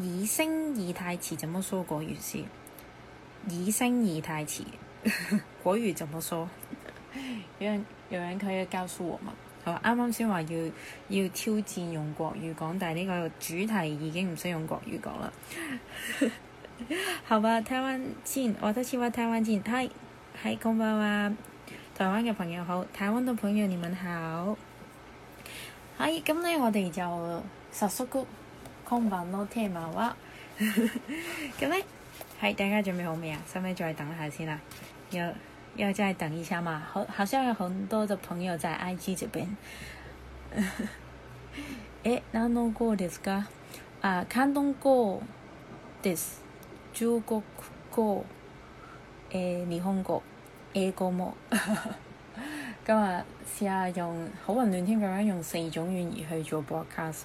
擬聲擬態詞，怎麼說國語先？擬聲擬態詞，國 語怎麼說？有人，有人可以告訴我嘛，我好啱啱先話要要挑戰用國語講，但係呢個主題已經唔使用，用國語講啦。 好吧，台灣之前，我都先話台灣之前，喺喺講話話台灣嘅朋友好，台灣嘅朋友你們好。喺咁咧，我哋就實叔姑。今晚的主題話咁咧，係大家準備好未啊？使唔使再等下先啦，要要再等一下嘛？好，好像有很多的朋友在 IG 這邊。誒、 欸，哪種語嚟噶？啊，韓國語，的中國語，誒、欸，日本語，英語冇。 今日試下用好混亂添咁樣用四種語言去做 broadcast。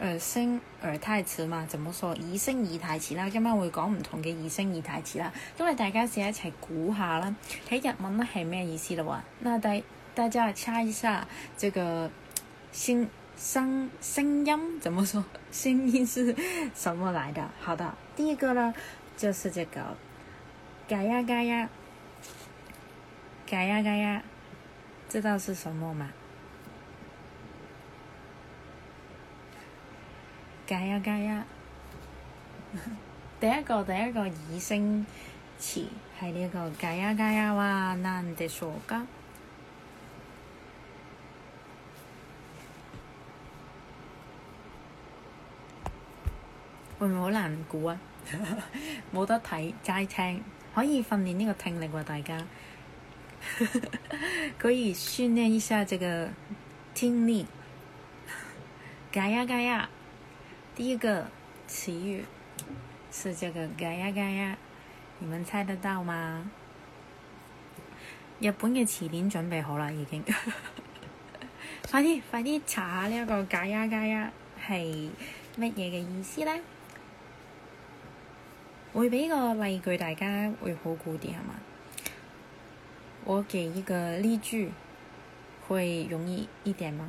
擬聲擬態詞嘛，怎麼說？擬聲擬態詞啦，今晚會講唔同嘅擬聲擬態詞啦，因為大家試一齊估下啦，睇日文咧係咩意思啦喎？那大大家猜一下，這個聲聲聲音怎麼說？聲音是什麼來的？好的，第一個咧就是這個，嘎呀嘎呀，嘎呀嘎呀，呀，呀，呀，知道是什麼嗎？介呀介呀，第一個第一個擬聲詞係呢個介呀介呀。哇 難度傻瓜，會唔會好難估啊？冇 得睇齋聽，可以訓練呢個聽力喎，啊，大家 可以訓練一下這個聽力。介呀介呀。第一個詞語是這個“嘎呀嘎呀”，你們猜得到嗎？日本嘅詞典準備好啦，已經。 快啲，快啲查下呢一個“嘎呀嘎呀”係乜嘢嘅意思咧？會俾 個例句，大家會好估啲係嘛？我俾依個例句會容易一點嗎？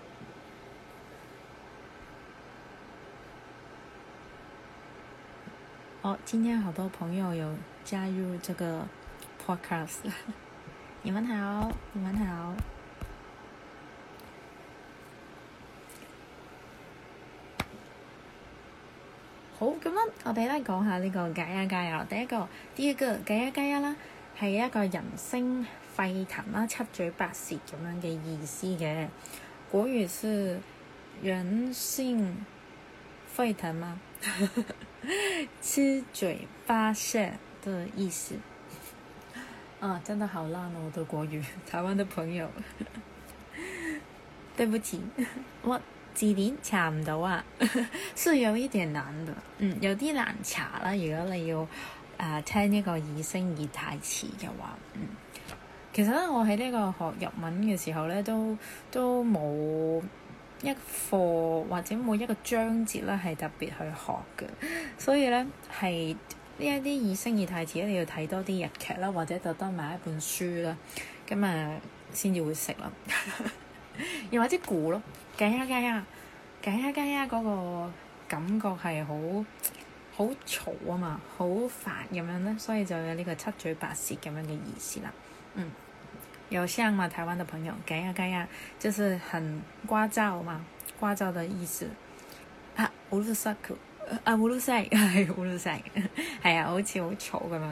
好，oh, 今天好多朋友有加入這個 podcast， 你們好，你們好，好咁樣我講、這個，我哋咧講下呢個加一加油！第一個一個加一加一啦，係一個人聲沸騰啦，七嘴八舌咁樣嘅意思嘅，國語是人聲沸騰嗎？ 七嘴八舌的意思，啊，真的好爛哦！我的國語，台灣的朋友， 對不起，我字典查唔到啊， 是有一點難的，嗯，有啲難查啦。如果你要誒、呃、聽呢個擬聲擬態詞嘅話，嗯，其實咧我喺呢個學日文嘅時候呢，都都冇。一課或者每一個章節咧，係特別去學嘅， 所以咧係呢一啲擬聲擬態詞咧，你要睇多啲日劇啦，或者就多買一本書啦，咁啊先至會識啦。又 或者估咯，ガヤガヤ、ガヤガヤ，嗰個感覺係好好嘈啊嘛，好煩咁樣咧，所以就有呢個七嘴八舌咁樣嘅意思啦，嗯。有像嘛？台灣的朋友，咁樣咁樣，就是很聒噪嘛，聒噪的意思。啊，烏魯塞口，啊烏魯塞，係烏魯塞，係啊，啊，啊，啊，啊，啊，啊，好似好吵咁樣。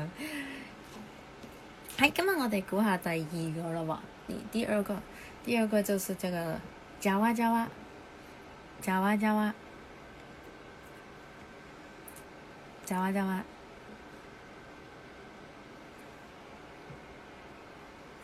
喺、哎、今日我哋估下第二個啦喎，第二個，第二個就是這個，java java，java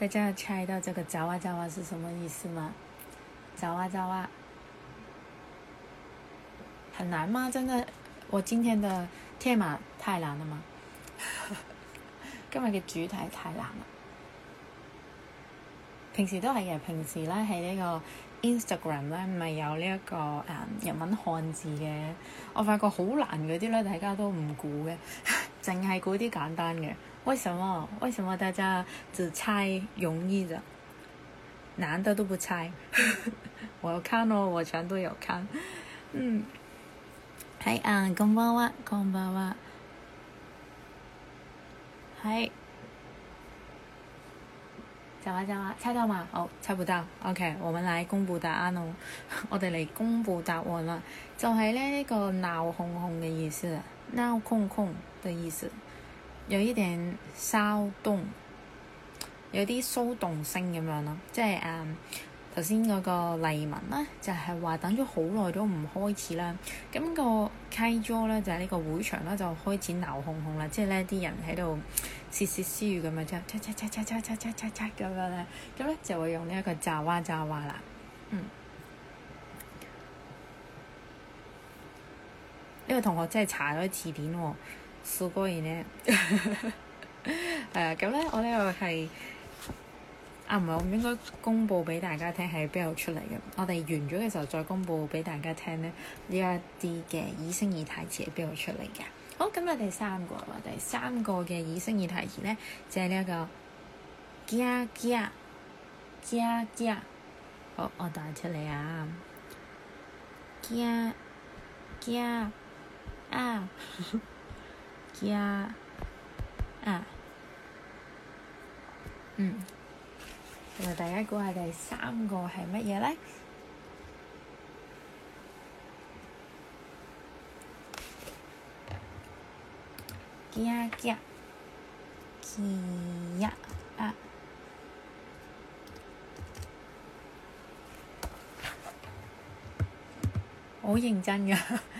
大家要猜到這個爪哇爪哇是什麼意思嗎？爪哇爪哇，很難嗎？真的，我今天的テーマ太難了嗎？ 今日嘅主題太難啦。平時都係嘅，平時呢喺呢、這個 Instagram 咧咪有呢一個誒日文漢字嘅，我發覺好難嗰啲咧大家都唔估嘅，淨係估啲簡單嘅。為什麼？為什麼大家只猜容易的，難的都不猜？ 我看哦，我全都有看。嗯，嗨、嗯、啊，こんばんは、こんばんは。嗨、啊。講話講話，猜到嗎？哦，猜不到。OK，我們來公布答案哦。我哋嚟公布答案啦，就係呢個鬧哄哄嘅意思，鬧哄哄嘅意思。有啲點，點騷動，有啲騷動聲咁樣咯，即係誒頭先嗰個例文啦，就係話等咗好耐都唔開始啦。咁個 K 桌咧就係呢個會場啦，就開始鬧哄哄啦，即係咧啲人喺度竊竊私語咁樣，即係即即即即即即即即即咁樣咧。咁咧就會用呢一個炸哇炸哇啦，嗯，呢個同學真係查咗啲字典喎。四個完咧，係 啊！咁咧，我呢個係啊唔係，我、啊、我應該公佈畀大家聽喺邊度出嚟嘅。我哋完咗嘅時候再公佈畀大家聽咧，呢一啲嘅擬聲擬態詞喺邊度出嚟嘅。好，咁、嗯、我哋三個或第三個嘅擬聲擬態詞咧，就係呢一個，驚驚驚驚，好，我帶出嚟啊，驚驚啊。呀，啊，嗯，同埋大家估下第三個係乜嘢咧？驚驚，驚呀啊！我好認真㗎～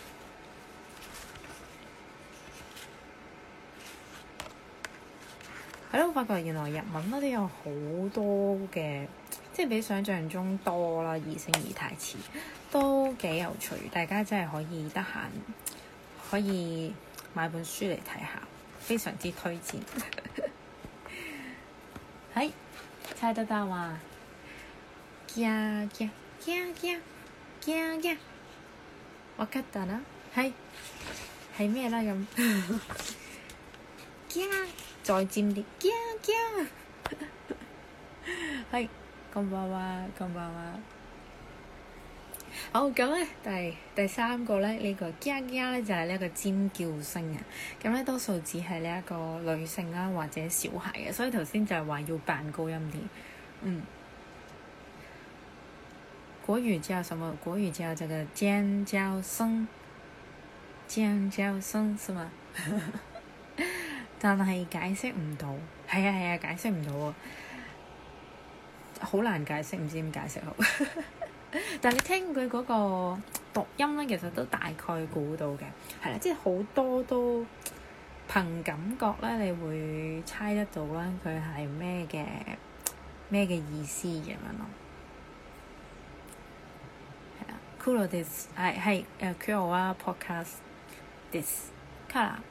係咯，我發覺原來日文都有好多嘅，即係比想象中多啦，擬聲、擬態詞都幾有趣。大家真係可以得閒，可以買本書嚟睇下，非常之推薦。係， 猜得到嘛？我 get 到啦。係係咩啦？咁？㩒 再尖啲，叫叫，係咁話話，咁話話。好咁咧，第第三個咧，呢、這個叫叫咧就係呢一個尖叫聲啊。咁咧多數只係呢一個女性啦、啊，或者小孩嘅、啊。所以頭先就係話要扮高音啲，嗯。國語叫什麼？國語叫就係尖叫聲、這個，尖叫聲，是嘛？ 但係解釋唔到，係啊係啊，解釋唔到啊。好難解釋，唔知點解釋好。 但係你聽佢嗰個讀音咧，其實都大概估到嘅，係啦、啊，即係好多都憑感覺咧，你會猜得到啦，佢係咩嘅咩嘅意思咁樣咯。係啊，cool this 係係誒 cool o podcast this，color。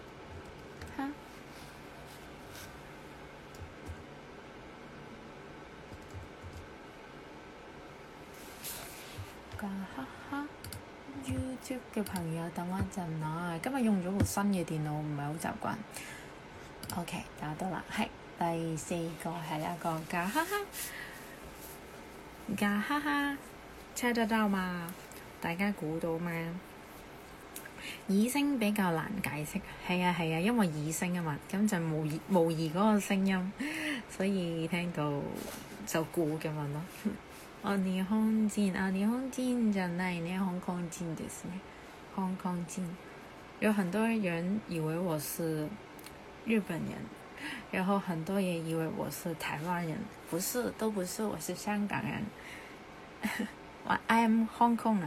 加哈哈！YouTube 嘅朋友等我一陣啊。今日用咗部新嘅電腦，唔係好習慣。OK，打到啦，係第四個係一個加哈哈，加哈哈，聽得到嗎？大家估到咩？擬聲比較難解釋，係啊係啊，因為擬聲啊嘛，咁就模擬模擬嗰個聲音，所以聽到就估咁樣咯。哦，日本人啊，我、oh, 日本人じゃないね，香港人ですね。香港人，有很多人以為我是日本人，然後很多人以為我是台灣人，不是，都不是，我是香港人。我 I am Hong Kong。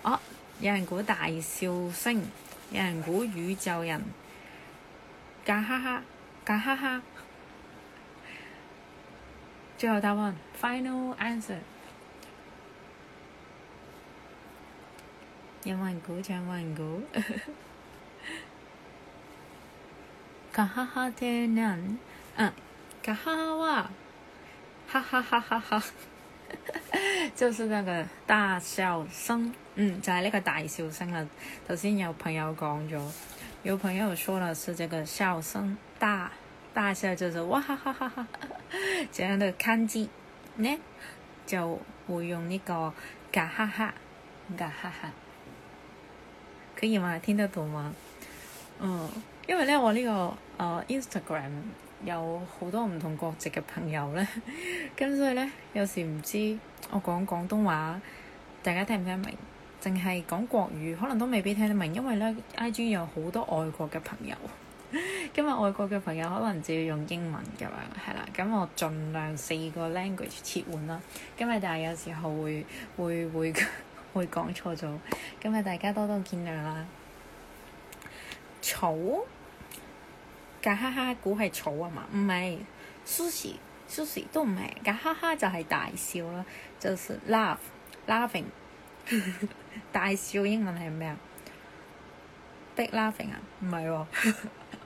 哦，有人鼓大笑聲，有人鼓宇宙人，嘎哈哈，嘎哈哈。最後答案 final answer。一萬個，一萬個。哈哈哈！定難？嗯，哈哈哇，哈哈哈！哈哈，就是那個大笑聲。嗯，就係、是、呢個大笑聲啦。頭先有朋友講咗，有朋友說了，說是這個笑聲大。大笑就做哇哈哈哈哈，這樣的康字呢就會用呢、這個嘎哈哈嘎哈哈。佢而家係聽得到嗎？嗯，因為呢，我呢、這個、呃、Instagram 有好多唔同國籍嘅朋友呢。咁、 嗯、所以呢，有時唔知我講廣東話大家聽唔聽明，淨係講國語可能都未必聽得明，因為呢 IG 有好多外國嘅朋友。今日外國嘅朋友可能就要用英文咁樣係啦，咁我盡量四個 language 切換啦。今日但係有時候會會會會講錯咗，今日大家多多見諒啦。草，假哈哈估係草啊嘛，唔係 Susie Susie 都唔係，假哈哈就係大笑啦，就是 laugh, laughing。大笑英文係咩啊？Big laughing 啊？唔係喎。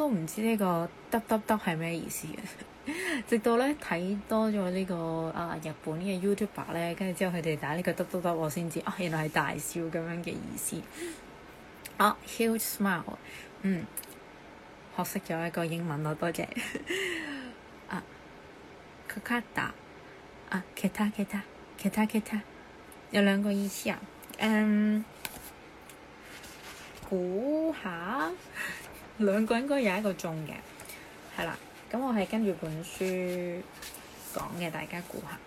都唔知呢個得得得係咩意思嘅， 直到咧睇多咗呢個啊日本嘅 YouTuber 咧，跟住之後佢哋打呢個得得得，我先知哦、啊，原來係大笑咁樣嘅意思。 啊，huge smile，嗯，學識咗一個英文咯，多謝。啊 ，kakata，啊，keta keta keta keta，有兩個意思啊。嗯，估下。兩個人應該有一個中嘅，係啦。咁我係跟住本書講嘅，大家估下。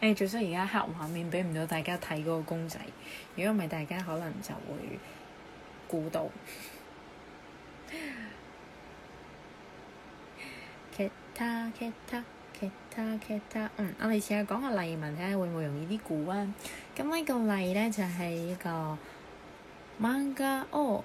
誒，最衰而家黑畫面俾唔到大家睇嗰個公仔，如果唔係，大家可能就會估到。其他其他其他其他，嗯，我哋試下講個例文睇下會唔會容易啲估啊。咁呢個例咧就係一個 Manga 哦。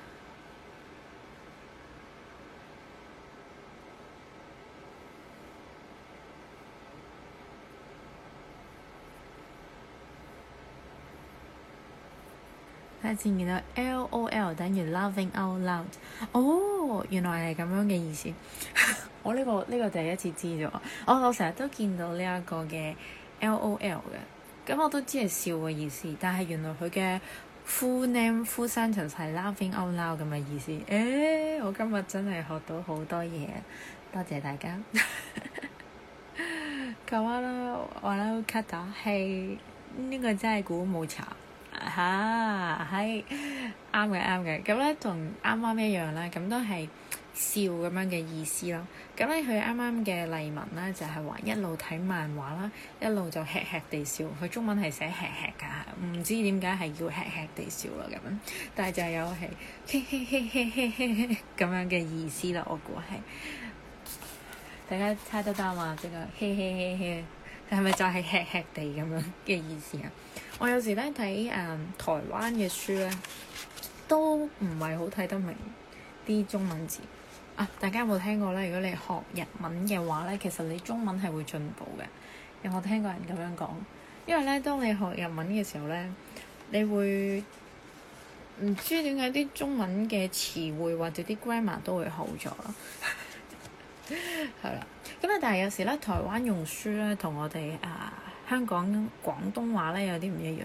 先見到 L.O.L 等於 loving out loud，哦，原來係咁樣嘅意思。 我呢、呢個呢、呢個第一次知咗， 我我成日都見到呢一個嘅 L.O.L 嘅，咁 我都知係笑嘅意思。但係原來佢嘅 full name full sentence 係 loving out loud 咁嘅意思。誒、 欸，我今日真係學到好多嘢， 多謝大家。咁啦，啦，我 cut 打係呢個真係估冇錯。吓，係啱嘅啱嘅，咁咧同啱啱一樣啦，咁都係笑咁樣嘅意思咯。咁咧佢啱啱嘅例文咧就係、是、話一路睇漫畫啦，一路就吃吃地笑。佢中文係寫吃吃㗎，唔知點解係要吃吃地笑啦咁樣，但係就係有係嘿嘿嘿嘿嘿嘿咁樣嘅意思啦。我估係大家猜得到啊！呢個嘿嘿嘿嘿係咪就係吃吃地咁樣嘅意思啊？我有時咧睇誒台灣嘅書咧，都唔係好睇得明啲中文字。啊，大家有冇聽過咧？如果你學日文嘅話咧，其實你中文係會進步嘅。有冇聽過人咁樣講？因為咧，當你學日文嘅時候咧，你會唔知點解啲中文嘅詞彙或者啲 grammar 都會好咗咯。係啦，咁啊，但係有時咧，台灣用書咧，同我哋啊～、呃香港廣東話咧有啲唔一樣，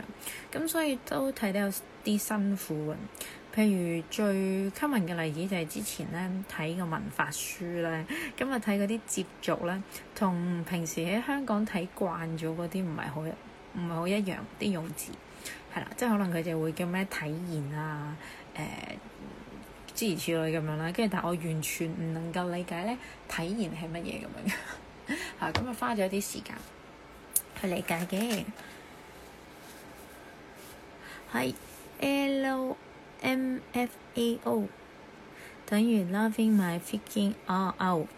咁所以都睇得有啲辛苦。譬如最吸引嘅例子就係之前咧睇個文化書咧，咁就睇嗰啲接續咧，同平時喺香港睇慣咗嗰啲唔係好唔係好一樣啲用字，係啦，即係可能佢就會叫咩體言啊，誒、呃、諸如此類咁樣啦。跟住，但我完全唔能夠理解咧體言係乜嘢咁樣嘅，嚇咁啊花咗一啲時間。去理解嘅，係 L M F A O，等於 loving my thinking all out，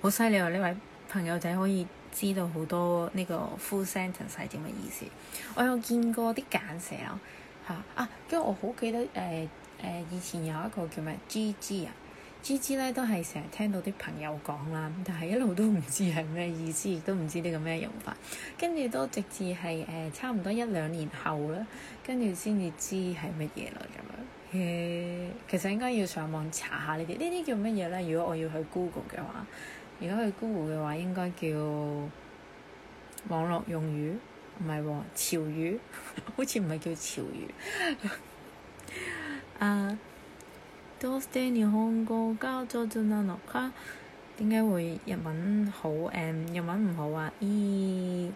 好犀利啊！呢位朋友仔可以知道好多呢個 full sentence 係點嘅意思。我有見過啲簡寫啊，嚇啊！跟住我好記得誒誒、呃呃，以前有一個叫咩 G G 啊。G G 咧都係成日聽到啲朋友講啦，但係一路都唔知係咩意思，亦都唔知呢個咩用法，跟住都直至係誒、呃、差唔多一兩年後啦，跟住先至知係乜嘢咯咁樣，嗯。其實應該要上網查下呢啲，呢啲叫乜嘢咧？如果我要去 Google 嘅話，如果去 Google 嘅話，應該叫網絡用語，唔係喎，潮語， 好似唔係叫潮語啊。 uh, 點解會日文好？嗯、日文唔好啊！咦，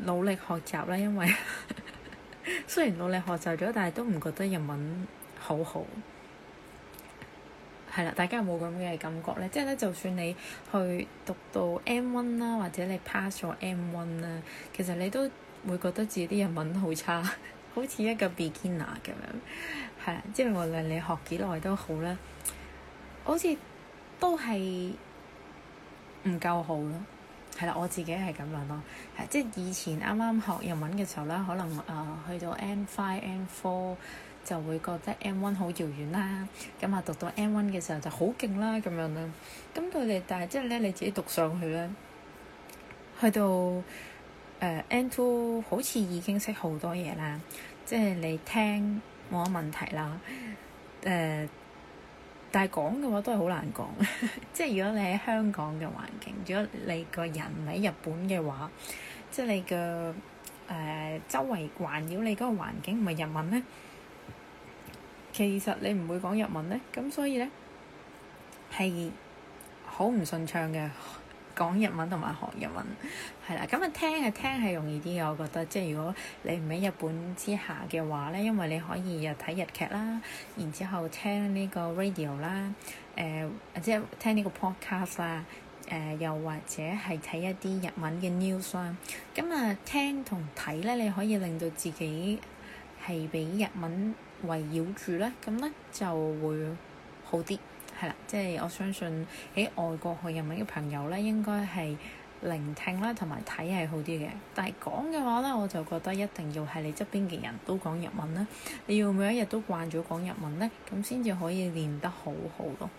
努力學習啦，因為呵呵雖然努力學習咗，但係都唔覺得日文好好。係啦，大家有冇咁嘅感覺呢？即係咧，就算你去讀到 M1 啦，或者你 pass 咗 M1 啦，其實你都會覺得自己啲日文好差，好似一個 beginner 咁樣。係，即係無論你學幾耐都好啦，好似都係唔夠好咯。係啦，我自己係咁諗咯。係即係以前啱啱學日文嘅時候啦，可能誒、呃、去到 N five N four 就會覺得 N one 好遙遠啦。咁啊讀到 N one 嘅時候就好勁啦，咁樣啦。咁佢哋，但係即係咧你自己讀上去咧，去到誒、呃、N two 好似已經識好多嘢啦，即係你聽。冇乜問題啦，誒、呃，但係講嘅話都係好難講， 即係如果你喺香港嘅環境，如果你個人唔喺日本嘅話，即係你嘅誒、呃、周圍環繞你嗰個環境唔係日文咧，其實你唔會講日文咧，咁所以咧係好唔順暢嘅。講日文同埋學日文係啦，咁啊聽啊聽係容易啲嘅，我覺得。即係如果你唔喺日本之下嘅話咧，因為你可以又睇日劇啦，然之後聽呢個 radio 啦、呃，誒，即係聽呢個 podcast 啦、呃，誒，又或者係睇一啲日文嘅 news 啦、啊。咁啊聽同睇咧，你可以令到自己係俾日文圍繞住啦，咁咧就會好啲。係啦，即係、就是、我相信喺外國學日文嘅朋友咧，應該係聆聽啦，同埋睇係好啲嘅。但係講嘅話咧，我就覺得一定要係你側邊嘅人都講日文啦。你要每一日都慣咗講日文咧，咁先至可以練得好好咯。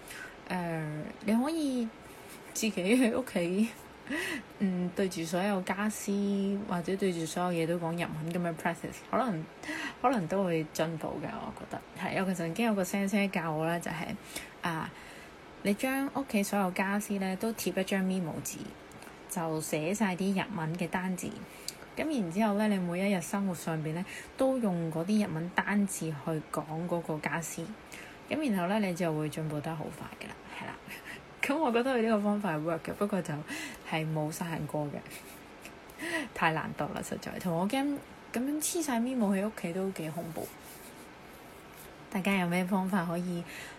誒、呃，你可以自己喺屋企，嗯對住所有家私，或者對住所有嘢都講日文咁嘅 practice 可能可能都會進步嘅。我覺得係，我其實曾經有個先生教我咧，就係、是。啊！你將屋企所有家私咧都貼一張 memo 紙，就寫晒啲日文嘅單字。咁然之後咧，你每一日生活上邊咧都用嗰啲日文單字去講嗰個傢俬。咁然後咧，你就會進步得好快㗎啦。係 啦、嗯，咁我覺得佢呢個方法係 work 嘅，不過就係冇實行過嘅， 太難度啦，實在同我驚咁樣黐晒 memo 喺屋企都幾恐怖。大家有咩方法可以？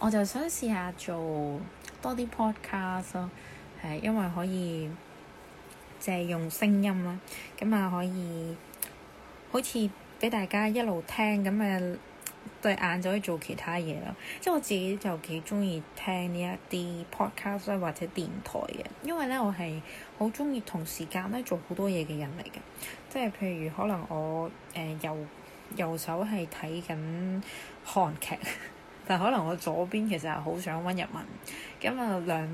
我就想試下做多啲 podcast 咯，因為可以淨係用聲音啦，咁啊可以好似俾大家一路聽，咁啊對眼就可以做其他嘢咯。即係我自己就幾中意聽呢一啲 podcast 或者電台嘅，因為呢我係好中意同時間呢做好多嘢嘅人嚟嘅，即係譬如可能我誒、呃、右右手係睇緊韓劇。但可能我左邊其實係好想溫日文，咁啊兩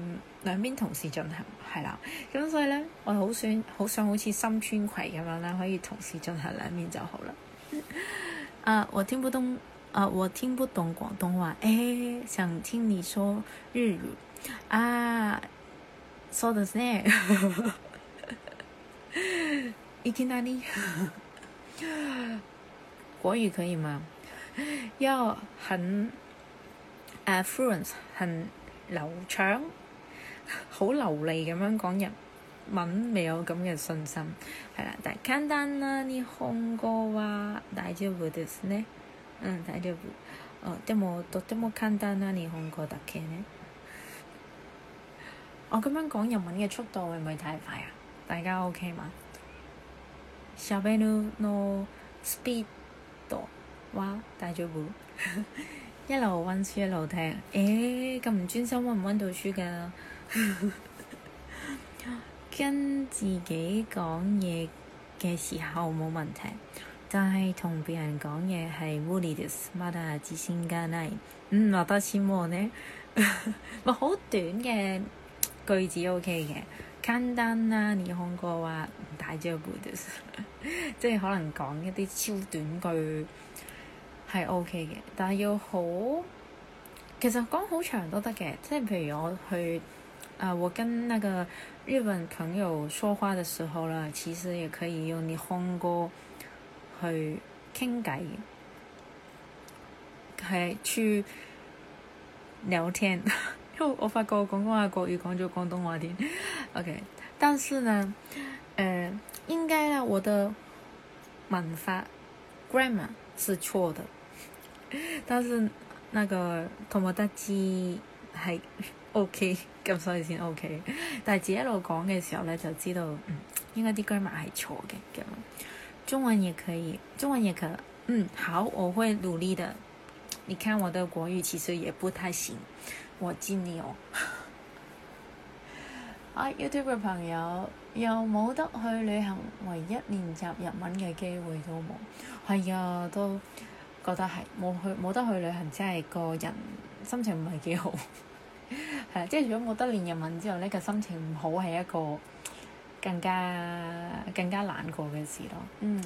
兩邊同時進行係啦，咁所以咧我好想，想好想好似深川葵咁樣啦，可以同時進行兩邊就好啦。啊，我聽不懂啊，我聽不懂廣東話，哎、欸，想聽你說日語。啊，そうですね。いきなり， 國語可以嗎？要很。誒 fluence 係流暢，好流利咁樣講日文，未有咁嘅信心，係啦。但簡単な日本語は大丈夫ですね？嗯，大丈夫。哦，でも、とても簡単な日本語だけね。但係我覺得我咁樣講日文嘅速度會唔會太快啊？大家 OK 嗎？しゃべるのスピードは大丈夫。一路温書一路聽，誒咁唔專心温唔温到書㗎？ 跟自己講嘢嘅時候冇問題，但係同別人講嘢係無理です。まだ自信がない。嗯，落多線喎呢？咪 好短嘅句子 OK 嘅，簡單啦。日本語は大丈夫です， 即係可能講一啲超短句。係 OK 嘅，但係要好。其實講好長都得嘅，即係譬如我去啊、呃、我跟那個日本朋友說話嘅時候啦，其實也可以用日本語去傾偈，係去聊天。因為我發覺講講下國語講咗廣東話添，OK。但是呢，誒、呃、應該啊，我的文法 grammar 是錯的。但是那個同我得知係 OK，咁所以先 OK。但係自己一路講嘅時候咧，就知道嗯，應該啲 grammar 係錯嘅咁、嗯。中文也可以，中文也可，嗯好，我會努力的。你看我的國語其實也不太行，我敬你哦。啊 YouTube 嘅朋友又冇得去旅行，唯一練習日文嘅機會都冇。係啊，都。覺得係冇去冇得去旅行，真係個人心情唔係幾好。係 即係如果冇得練日文之後呢、這個心情唔好係一個更加更加難過嘅事咯。嗯，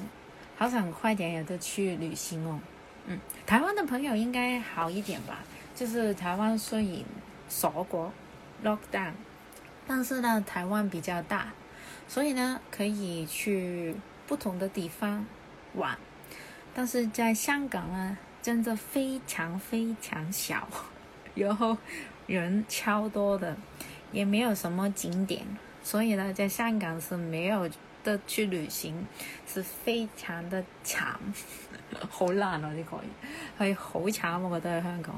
好像快啲有得去旅行咯、哦。嗯，台灣嘅朋友應該好一點吧，就是台灣雖然鎖國 lockdown，但是呢台灣比較大，所以呢可以去不同的地方玩。但是在香港啊，真的非常非常小，然後人超多的，也沒有什麼景點，所以呢，在香港是沒有的去旅行，是非常的慘， 好難咯、啊，這個可以，好慘，我覺得喺香港，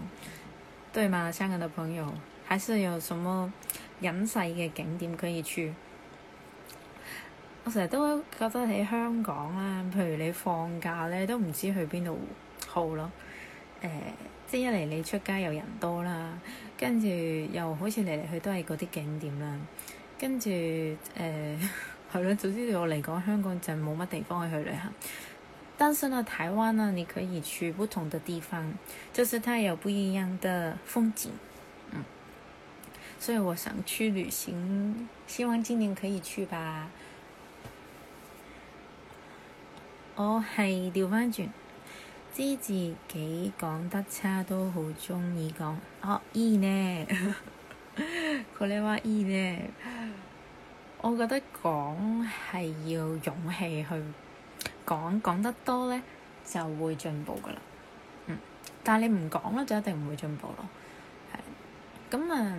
對嗎？香港的朋友，還是有什麼隱世的景點可以去？我成日都覺得喺香港啦、啊，譬如你放假咧，都唔知去邊度好咯。誒、呃，即係一嚟你出街又人多啦，跟住又好似嚟嚟去都係嗰啲景點啦，跟住誒係咯。呃、 總之對我嚟講，香港就冇乜地方可以去旅行。但是呢，台灣呢，你可以去不同的地方，就是它有不一樣的風景。嗯。所以我想去旅行，希望今年可以去吧。我係掉返轉，知自己講得差都好中意講學咦，呢、哦？佢哋話咦，呢？ 」我覺得講係要勇氣去講，講得多咧就會進步噶啦。嗯，但係你唔講咧就一定唔會進步咯。係，咁啊，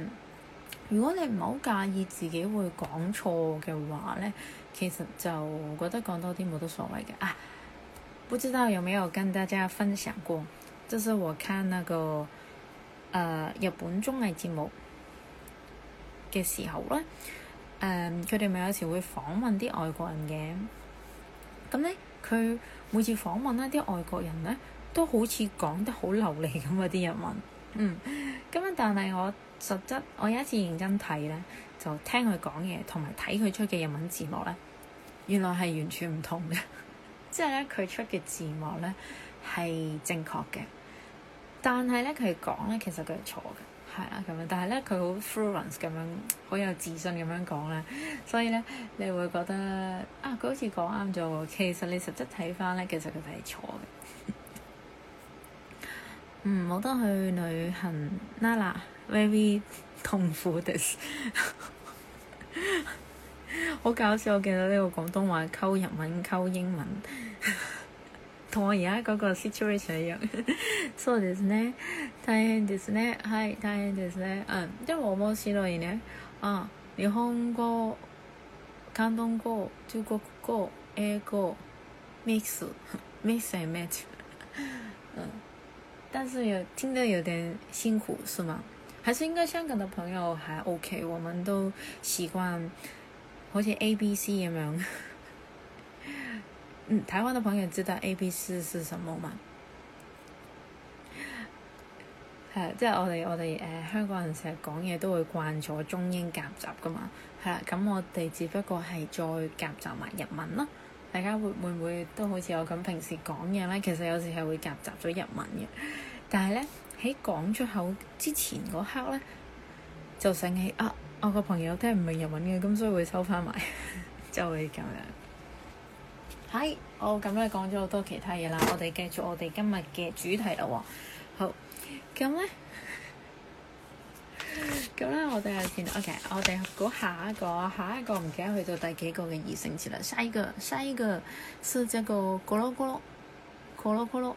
如果你唔好介意自己會講錯嘅話咧～其實就覺得講多啲冇得所謂嘅啊，不知道有沒有跟大家分享過，就是我看那個誒、呃、日本綜藝節目嘅時候咧，誒，佢哋咪有時會訪問啲外國人嘅，咁咧佢每次訪問一啲外國人咧都好似講得好流利咁啊啲日文，嗯，咁啊但係我實質我有一次認真睇咧。就聽佢講嘢，同埋睇佢出嘅日文字幕咧，原來係完全唔同嘅。即係咧，佢出嘅字幕咧係正確嘅，但係咧佢講咧，其實佢係錯嘅，係啦咁樣。但係咧佢好 fluence 咁樣，好有自信咁樣講咧，所以咧你會覺得啊，佢好似講啱咗喎。其實你實質睇翻咧，其實佢係錯嘅。 嗯，冇得去旅行啦啦，very。痛苦です， 好搞笑！我見到呢個廣東話溝日文溝英文， 同我而家嗰個 situation 一樣。そうですね，大変ですね，はい、大変ですね。嗯，但係好面白い呢。嗯，日本語、広東語、中國語、英語 mix，mix and match。嗯，但是有聽得有點辛苦，是嗎？還是應該香港的朋友還 OK，我們都習慣好似 A B C 咁樣。 嗯，台灣的朋友知道 A B C 是什麼嘛？係，即係我哋我哋誒、呃、香港人成日講嘢都會慣咗中英夾雜㗎嘛。係啦，咁我哋只不過係再夾雜埋日文啦。大家會會唔會都好似我咁平時講嘢咧？其實有時係會夾雜咗日文嘅，但係咧，喺講出口之前嗰刻咧，就醒起啊！我個朋友聽唔明日文嘅，咁所以會收翻埋， 就會咁樣。係、哦，我咁樣講咗好多其他嘢啦，我哋繼續我哋今日嘅主題啦、哦。好，咁咧，咁 咧我哋又見到，OK，我哋估下一個，下一個唔記得去到第幾個嘅擬聲詞啦。西個西個，下一個是著、這個咕嚕咕嚕，咕嚕咕嚕。コロコロ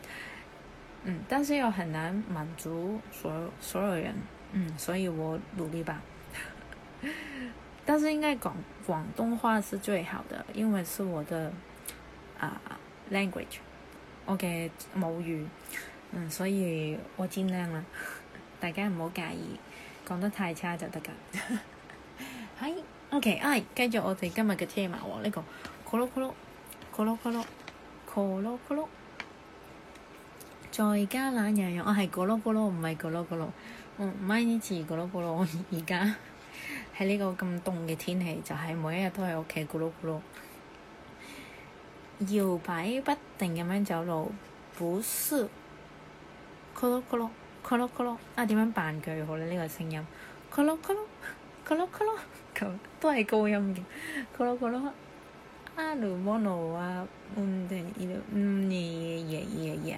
嗯，但是又很難滿足所有所有人，嗯，所以我努力吧。 但是應該講廣東話是最好的，因為是我的啊、呃、language，我嘅母語，嗯，所以我盡量啦，大家唔好介意，講得太差就得噶。係 OK，哎，繼續我哋今日嘅テーマ啊，呢、這個コロコロ，コロコロ，コロコロ。コロコロ在家懶洋洋，我係咕碌咕碌，唔係咕碌咕碌，我唔係呢次咕碌咕碌。我而家喺呢個咁凍嘅天氣，就係每一日都喺屋企咕碌咕碌搖擺不定咁樣走路，咕碌咕碌，咕碌咕碌。啊，點樣扮佢好呢？呢個聲音咕碌咕碌，咕碌咕碌，咁都係高音嘅咕碌咕碌。啊，魯摩路啊，唔得，唔得，唔嘢嘢嘢嘢。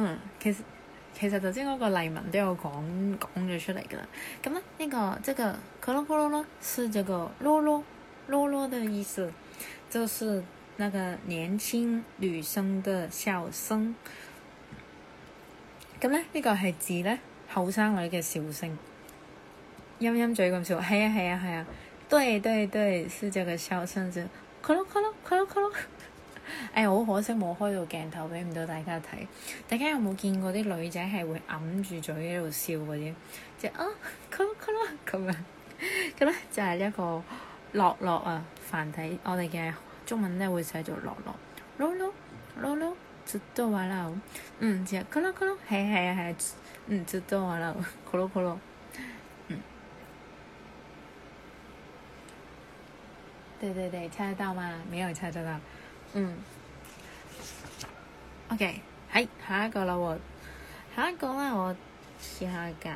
嗯，其實其實頭先嗰個例文都有講講咗出嚟噶啦。咁咧呢個即係個咯咯咯咯，是這個咯咯咯咯的意思，就是那個年輕女生的笑聲。咁咧呢個係指咧，後生女嘅笑聲，陰陰嘴咁笑，係啊係啊係啊，對對對，是這個笑聲，咯咯咯咯咯咯。誒好、哎、可惜冇開到鏡頭，畀唔到大家睇。大家有冇見過啲女仔係會揞住嘴喺度笑嗰啲？即係啊，咯咯咯咯咁樣。咁 咧就係一個咯咯啊，落落繁體我哋嘅中文咧會寫做咯咯咯咯咯咯，ずっと笑。嗯，即係咯咯咯咯，係係係， 嗯，ずっと笑。咯咯咯咯，嗯。對對對，猜得到嗎？沒有猜得到。嗯，OK，係下一個啦，下一個咧，我試下揀。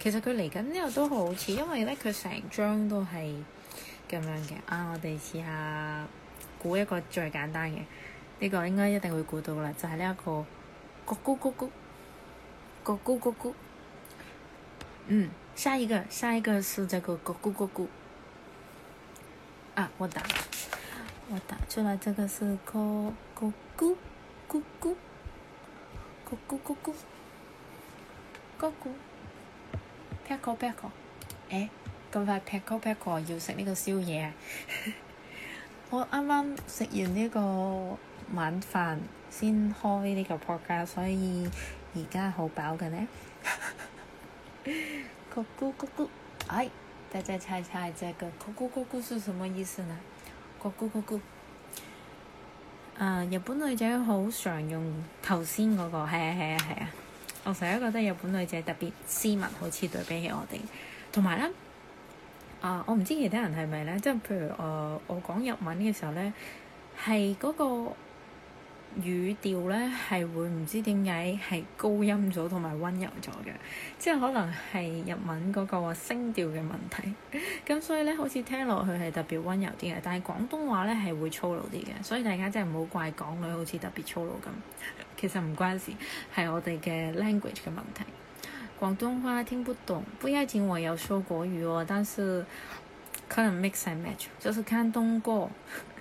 其實佢嚟緊呢個都好似，因為咧佢成張都係咁樣嘅。啊，我哋試下估一個最簡單嘅，呢個應該一定會估到啦，就係呢一個。咕咕咕咕，咕咕咕咕。嗯，下一個，下一個是這個咕咕咕咕。嗯啊！我打，我打出來，這個是咕咕咕咕咕咕咕咕咕咕，拍 call 拍 call，誒咁快拍 call 拍 call，要食呢個宵夜？我啱啱食完呢個晚飯先開呢個 program，所以而家好飽嘅呢。咕咕咕，咕，誒。大家猜一猜，這個咕咕咕咕是什麼意思呢？咕咕咕咕，日本女仔好常用頭先嗰個，係啊，係啊，係啊，我成日覺得日本女仔特別斯文，好似對比起我哋，同埋呢，啊、呃，我唔知其他人係咪呢？即係譬如誒、呃，我講日文嘅時候呢，係嗰個。語調咧係會唔知點解係高音咗同埋溫柔咗嘅，即係可能係日文嗰個聲調嘅問題，咁 所以咧好似聽落去係特別溫柔啲嘅，但係廣東話咧係會粗魯啲嘅，所以大家真係唔好怪港女好似特別粗魯咁，其實唔關事，係我哋嘅 language 嘅問題。廣東話聽不懂，不一定要有說果語喎、哦，但是可能 mix and match，就是看東哥。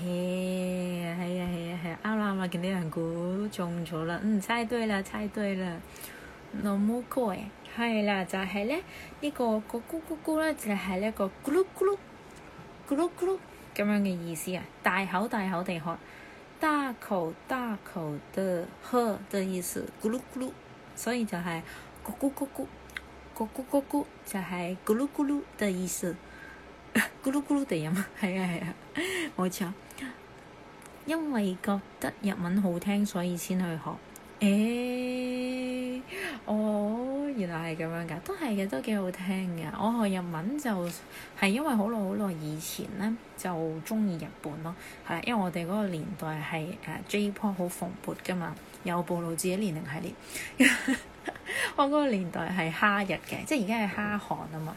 係啊係啊係啊係啊！啱啱我見到人估中咗啦，嗯，猜對啦猜對啦，攞冇過誒，係啦就係咧，呢個咕咕咕咕咧，就係呢個咕碌咕碌咕碌咕碌咁樣嘅意思啊，大口大口地喝，大口大口地喝的意思，咕碌咕碌，所以就係咕咕咕咕咕咕咕咕就係咕碌咕碌的意思。咕嚕咕嚕地飲，係啊係啊，冇錯。因為覺得日文好聽，所以先去學。誒、欸，哦，原來係咁樣㗎，都係嘅，都幾好聽㗎。我學日文就係、是、因為好耐好耐以前咧，就中意日本咯，係因為我哋嗰個年代係誒 J-pop 好蓬勃㗎嘛，有暴露自己年齡系列。 我嗰個年代係哈日嘅，即係而家係哈韓啊嘛。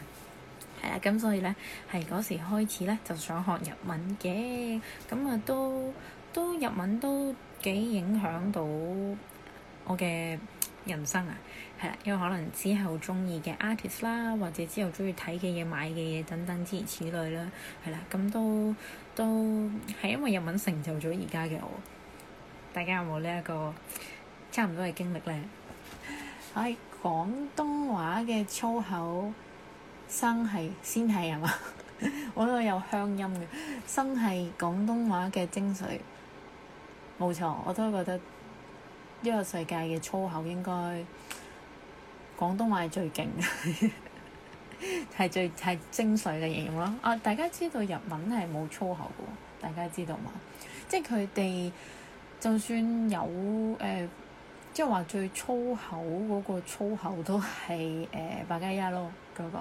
咁、嗯、所以呢，係嗰時開始呢，就想學日文嘅，咁啊都都日文都幾影響到我嘅人生啊，係啦，因為可能之後中意嘅 artist 啦，或者之後中意睇嘅嘢、買嘅嘢等等諸如此類啦，係啦，咁都都係因為日文成就咗而家嘅我。大家有冇呢一個差唔多嘅經歷呢？係 廣東話嘅粗口。生係先係啊嘛，我都有鄉音嘅生係廣東話嘅精髓，冇錯，我都覺得呢個世界嘅粗口應該廣東話係最勁嘅，係最係精髓嘅嘢用咯。啊，大家知道日文係冇粗口嘅喎，大家知道嘛？即係佢哋就算有誒、呃，即係話最粗口嗰個粗口都係誒百加一咯嗰，那個。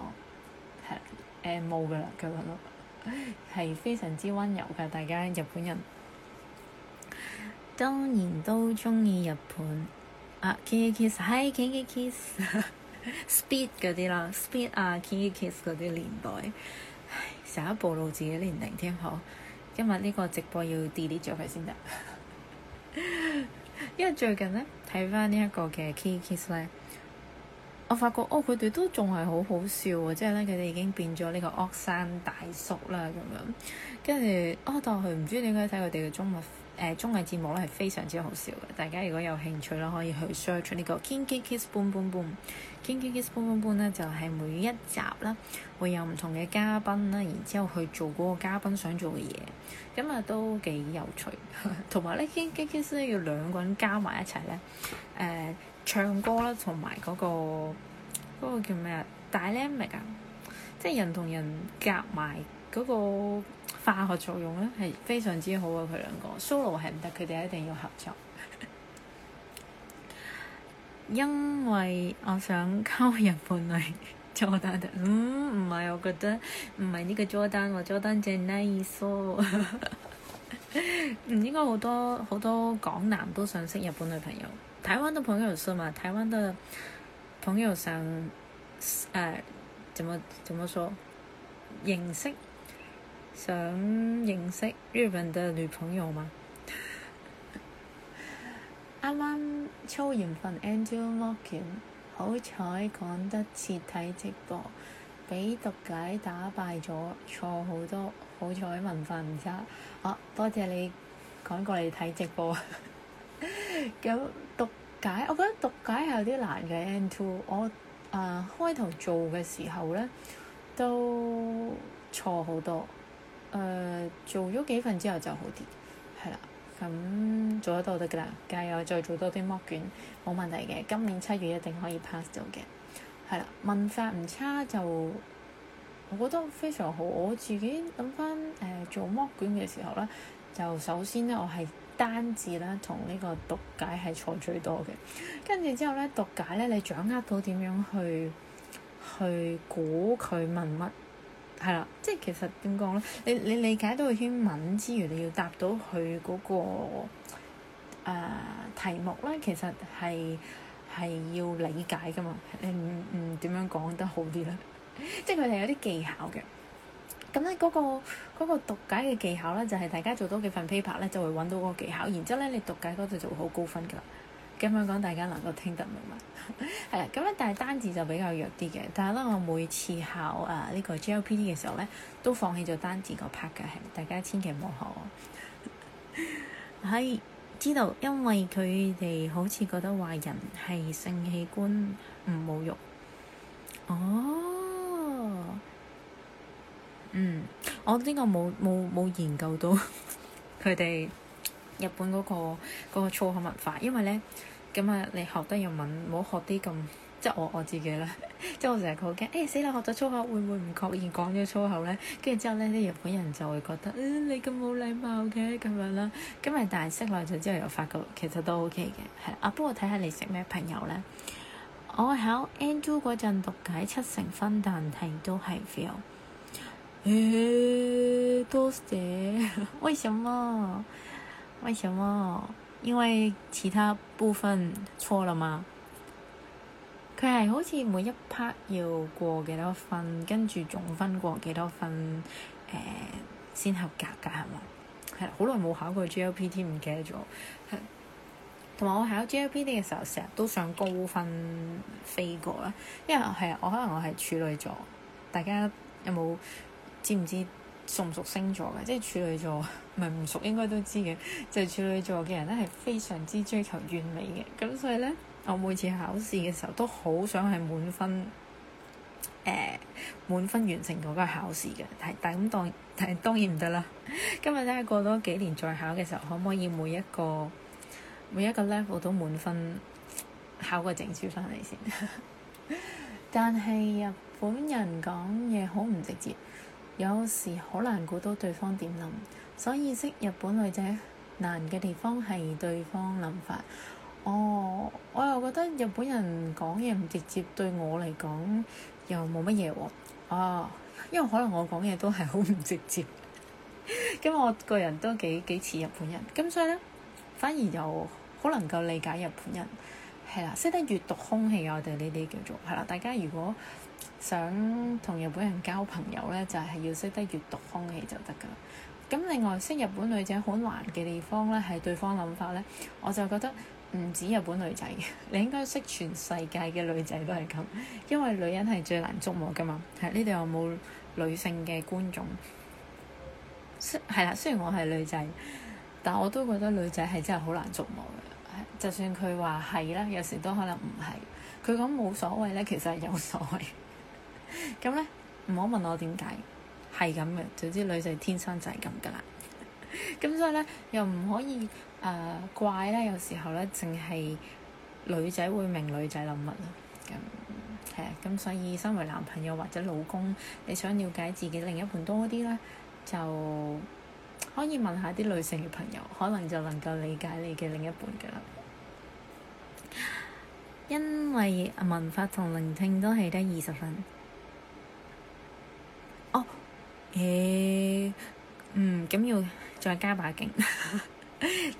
誒冇㗎啦，咁樣咯，係非常之温柔嘅。大家日本人當然都中意日本啊，Kiss Kiss，Hi，Kiss Kiss，Speed 嗰啲啦，Speed 啊，Kiss Kiss 嗰啲年代。成日暴露自己年齡添呵，今日呢個直播要 delete 咗佢先得， 因為最近咧睇翻呢一個嘅 Kiss Kiss 咧。我發覺哦，佢哋都仲係好好笑啊！即係咧，佢哋已經變咗呢個惡山大叔啦咁樣。跟住，哦，但係佢唔知點解睇佢哋嘅綜藝誒、呃、綜藝節目咧，係非常之好笑嘅。大家如果有興趣咧，可以去 search 呢、這個《KinKi Kids Boom Boom Boom》《KinKi Kids Boom Boom Boom》咧，就係、是、每一集咧會有唔同嘅嘉賓啦，然之後去做嗰個嘉賓想做嘅嘢，咁、嗯、啊都幾有趣。同埋咧，《KinKi Kids》咧要兩個人加埋一齊咧，誒、呃。呃唱歌啦，同埋嗰個嗰、那個叫咩啊 d y n a m i 即係人同人夾埋嗰個化學作用咧，係非常之好啊。佢兩個 solo 係唔得，佢哋一定要合作。 因為我想溝日本女 Jo 丹的，唔唔係，我覺得唔係呢個 Jo 丹或 Jo 丹正呢疏，唔、so. 應該好多好多港男都想識日本女朋友。台灣的朋友是嘛？台灣的朋友想誒、呃，怎麼怎麼說認識想認識日本的女朋友嘛？啱啱抽完份《Angel Market》好彩趕得切睇直播，畀讀解打敗咗錯好多，好彩文法唔差。啊，多謝你趕過嚟睇直播，咁、 嗯。解，我覺得讀解係有啲難嘅。N two，我啊、呃、開頭做嘅時候咧都錯好多，誒、呃、做咗幾份之後就好啲，係啦。咁、嗯、做得到得㗎啦，加油！再做多啲 mock 卷冇問題嘅，今年七月一定可以 pass 到嘅。係啦，文法唔差就我覺得非常好。我自己諗翻誒做 mock 卷嘅時候咧，就首先咧我係，單字啦，同呢個讀解係錯最多嘅，跟住之後咧讀解咧，你掌握到點樣去去估佢問乜，係啦，即係其實點講咧？你你理解到個英文之餘，你要答到佢嗰、那個誒、呃、題目咧，其實係係要理解噶嘛？你唔點樣講得好啲咧？即係佢哋有啲技巧嘅。咁咧嗰個嗰、那個、讀解嘅技巧咧，就係、是、大家做多幾份 paper 咧，就會揾到嗰個技巧。然之後咧，你讀解嗰度就會好高分噶啦。咁樣講，大家能夠聽得明白嗎？係啦，咁咧，但係單字就比較弱啲嘅。但係咧，我每次考誒、啊、呢、這個 JLPT 嘅時候咧，都放棄咗單字個 part 嘅。係，大家千祈唔好學我。係、 哎、知道，因為佢哋好似覺得話人係性器官唔冇用。哦。嗯，我呢個冇冇冇研究到佢 哋日本嗰個嗰個粗口文化，因為咧咁啊，你學得日文冇學啲咁，即係我我自己啦， 即係我成日好驚，誒死啦，學咗粗口會唔會唔覺意講咗粗口咧？跟住之後咧，啲日本人就會覺得，嗯、呃，你咁冇禮貌嘅咁樣啦。咁咪但係識耐咗之後，又發覺其實都 O K 嘅，係。啊，不過睇下你識咩朋友咧。我考 Angel 嗰陣讀解七成分，但係都係 fail。誒、欸，多謝。為什麼？為什麼？因為其他部分錯啦嘛。佢係好似每一 part 要過幾多分，跟住總分過幾多分誒、呃、先合格噶係嘛？係好耐冇考過 JLPT，唔記得咗。同埋我考 JLPT 嘅時候，成日都想高分飛過啦，因為係啊，我可能我係處女座，大家有冇？知唔知熟唔熟星座嘅？即係處女座，唔係唔熟應該都知嘅。就係、是、處女座嘅人咧，係非常之追求完美嘅。咁所以咧，我每次考試嘅時候都好想係滿分，誒、欸、滿分完成嗰個考試嘅。但但係咁，但係當，當然唔得啦。今日咧過多幾年再考嘅時候，可唔可以每一個每一個 level 都滿分考個證書翻嚟先？ 但係日本人講嘢好唔直接。有時好難估到對方點諗，所以識日本女仔難嘅地方係對方諗法。我、哦、我又覺得日本人講嘢唔直接，對我嚟講又冇乜嘢喎。啊、哦，因為可能我講嘢都係好唔直接，咁、 嗯、我個人都幾幾似日本人，咁所以呢，反而又好能夠理解日本人。係啦，識得閲讀空氣啊！我哋呢啲叫做係啦，大家如果～想同日本人交朋友呢，就係要識得閲讀空氣就得噶啦。咁另外識日本女仔好難嘅地方呢，係對方諗法呢。我就覺得唔止日本女仔，你應該識全世界嘅女仔都係咁，因為女人係最難捉摸噶嘛。係呢度有冇女性嘅觀眾？係啦。雖然我係女仔，但我都覺得女仔係真係好難捉摸嘅。就算佢話係啦，有時都可能唔係。佢講冇所謂呢，其實係有所謂。咁咧，唔好問我點解，係咁嘅。總之女仔天生就係咁噶啦。咁 所以咧，又唔可以誒、呃、怪咧。有時候咧，淨係女仔會明女仔諗乜啦。咁係啊。咁所以身為男朋友或者老公，你想了解自己另一半多啲咧，就可以問下啲女性嘅朋友，可能就能夠理解你嘅另一半嘅啦。因為文法同聆聽都係得二十分。誒，yeah. 嗯，咁要再加把勁，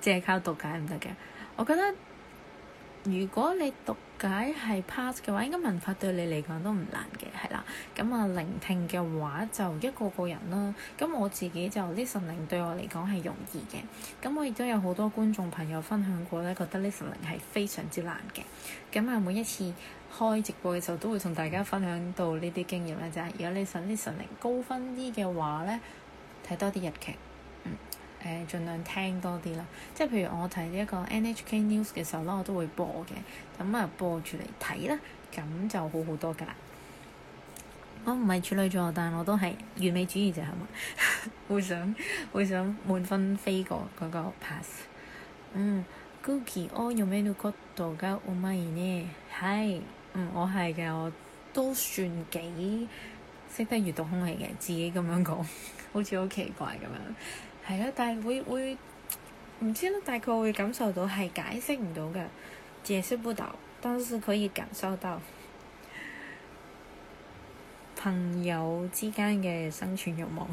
淨 係靠讀解唔得嘅。我覺得如果你讀解係 pass 嘅話，應該文法對你嚟講都唔難嘅，係啦。咁啊，聆聽嘅話就一個個人啦。咁我自己就 listening 對我嚟講係容易嘅。咁我亦都有好多觀眾朋友分享過咧，覺得 listening 係非常之難嘅。咁啊，每一次，開直播嘅時候都會同大家分享到呢啲經驗咧，就係如果你想啲神靈高分啲嘅話咧，睇多啲日劇，嗯，誒，盡量聽多啲啦。即係譬如我睇呢一個 NHK News 嘅時候咧，我都會播嘅，咁啊播住嚟睇啦，咁就好好多噶啦。我唔係處女座，但我都係完美主義者，係咪？ 會想會想滿分飛過嗰、嗰個 pass。嗯，g i You Who Men 空気を読めることがうまいね、はい。嗯，我係嘅，我都算幾識得閲讀空氣嘅，自己咁樣講， 好似好奇怪咁樣。係咯，但係會會唔知咧，大概會感受到係解釋唔到嘅，解釋不到，但是可以感受到朋友之間嘅生存欲望。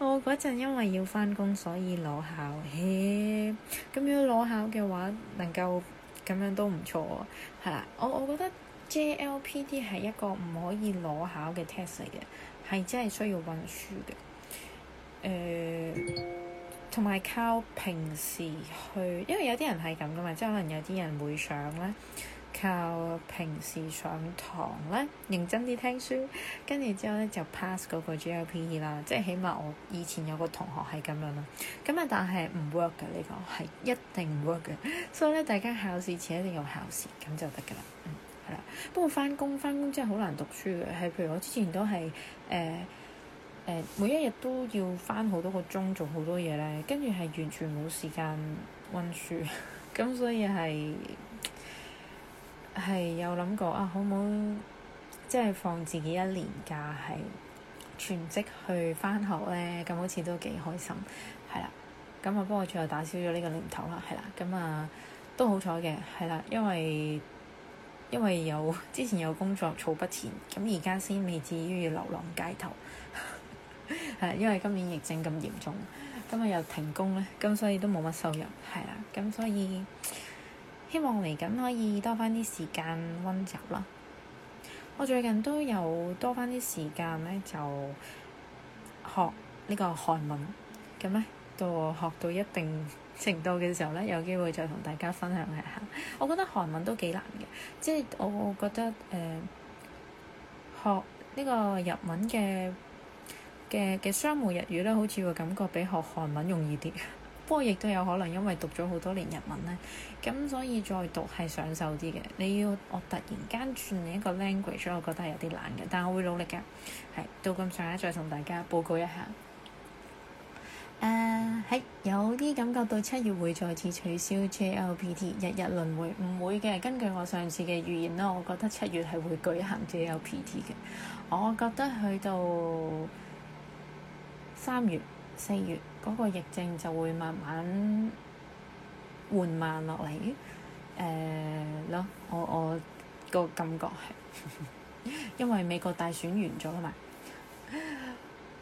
我嗰陣因為要翻工，所以攞考，咁樣攞考嘅話，能夠。咁樣都唔錯喎，係啦，我我覺得 JLPD 係一個唔可以裸考嘅 test 嚟嘅，係真係需要温書嘅，誒、呃，同埋靠平時去，因為有啲人係咁噶嘛，即係可能有啲人會上咧。靠平時上堂咧，認真啲聽書，跟住之後咧就 pass 嗰個 JLPT 啦。即係起碼我以前有個同學係咁樣啦。咁啊，但係唔 work 嘅呢個係一定唔 work 嘅。所以咧，大家考試前一定要考試，咁就得㗎啦。嗯，係啦。不過返工返工真係好難讀書嘅，係譬如我之前都係誒誒，每一日都要返好多個鐘，做好多嘢咧，跟住係完全冇時間温書，咁 所以係。係有諗過啊，可唔可即係放自己一年假，係全職去翻學咧？咁好似都幾開心，係啦。咁啊，不過最後打消咗呢個念頭啦，係啦。咁啊，都好彩嘅，係啦，因為因為有之前有工作儲筆錢，咁而家先未至於流浪街頭。係 因為今年疫情咁嚴重，今日又停工咧，咁所以都冇乜收入，係啦，咁所以。希望嚟緊可以多返啲時間溫習啦。我最近都有多返啲時間咧，就學呢個韓文咁咧，到我學到一定程度嘅時候咧，有機會再同大家分享一下。我覺得韓文都幾難嘅，即係我覺得誒、呃、學呢個日文嘅嘅嘅商務日語咧，好似會感覺比學韓文容易啲。不過亦都有可能，因為讀咗好多年日文呢，咁所以再讀係上手啲嘅。你要我突然間轉一個 language，所以我覺得係有啲難嘅。但我會努力嘅，係到咁上下再同大家報告一下。誒、uh，喺有啲感覺到七月會再次取消 JLPT，日日輪迴唔會嘅。根據我上次嘅預言咧，我覺得七月係會舉行 JLPT 嘅。我覺得去到三月、四月。嗰個疫症就會慢慢緩慢落嚟嘅，咯、uh no.。我我個感覺係 因為美國大選完咗啦嘛，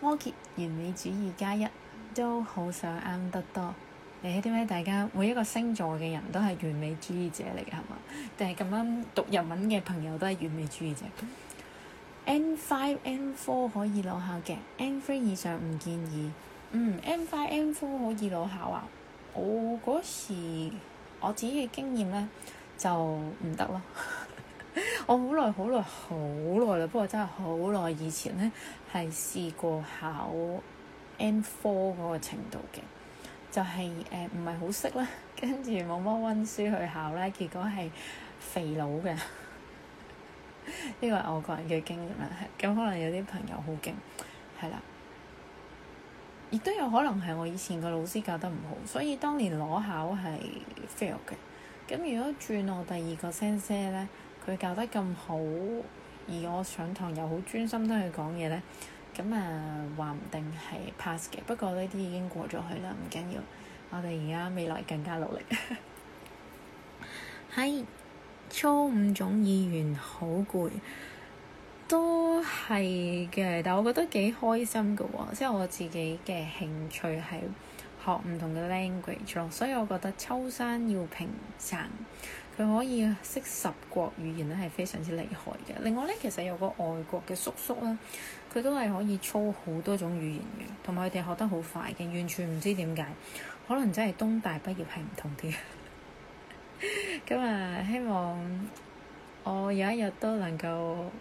摩羯完美主義加一都好想啱得多。你誒點解大家每一個星座嘅人都係完美主義者嚟嘅？係嘛？定係咁啱讀日文嘅朋友都係完美主義者？N five N four 可以攞下嘅，N three 以上唔建議。嗯，N5 快 N4 可以攞考啊！我嗰時我自己嘅經驗咧就唔得咯。 我好耐好耐好耐啦，不過真係好耐以前咧係試過考 N4 嗰個程度嘅，就係誒唔係好識啦，跟住冇乜温書去考咧，結果係肥佬嘅。呢個係我個人嘅經驗係，咁可能有啲朋友好勁，係啦。亦都有可能係我以前個老師教得唔好，所以當年裸考係 fail 嘅。咁如果轉我第二個聲聲呢，佢教得咁好，而我上堂又好專心聽佢講嘢呢。咁啊話唔定係 pass 嘅。不過呢啲已經過咗去啦，唔緊要。我哋而家未來更加努力。喺 初五總議員好攰。都係嘅，但我覺得幾開心嘅喎、哦，即係我自己嘅興趣係學唔同嘅 language 咯，所以我覺得秋山要平生佢可以識十國語言咧，係非常之厲害嘅。另外呢，其實有個外國嘅叔叔呢，佢都係可以操好多種語言嘅，同埋佢哋學得好快嘅，完全唔知點解，可能真係東大畢業係唔同啲。咁 啊，希望～我有一日都能夠，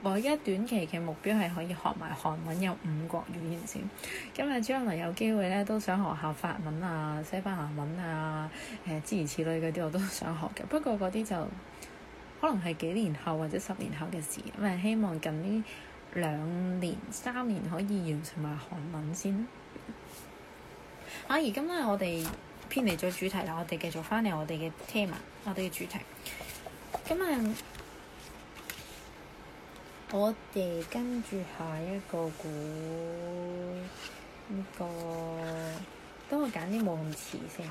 我而家短期嘅目標係可以學埋韓文，有五國語言先。咁啊，將來有機會咧，都想學下法文啊、西班牙文啊，誒諸如此類嗰啲我都想學嘅。不過嗰啲就可能係幾年後或者十年後嘅事。咁、嗯、咪希望近呢兩年三年可以完成埋韓文先。嚇、啊！而今咧，我哋偏離咗主題啦，我哋繼續翻嚟我哋嘅 theme，我哋嘅主題咁啊。我哋跟住下一個估，呢個等我揀啲望詞先。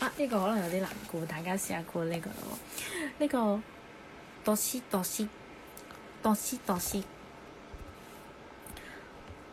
啊，呢個可能有啲難估，大家試下估呢個咯。呢個多斯多斯多斯多斯。ドシドシドシドシ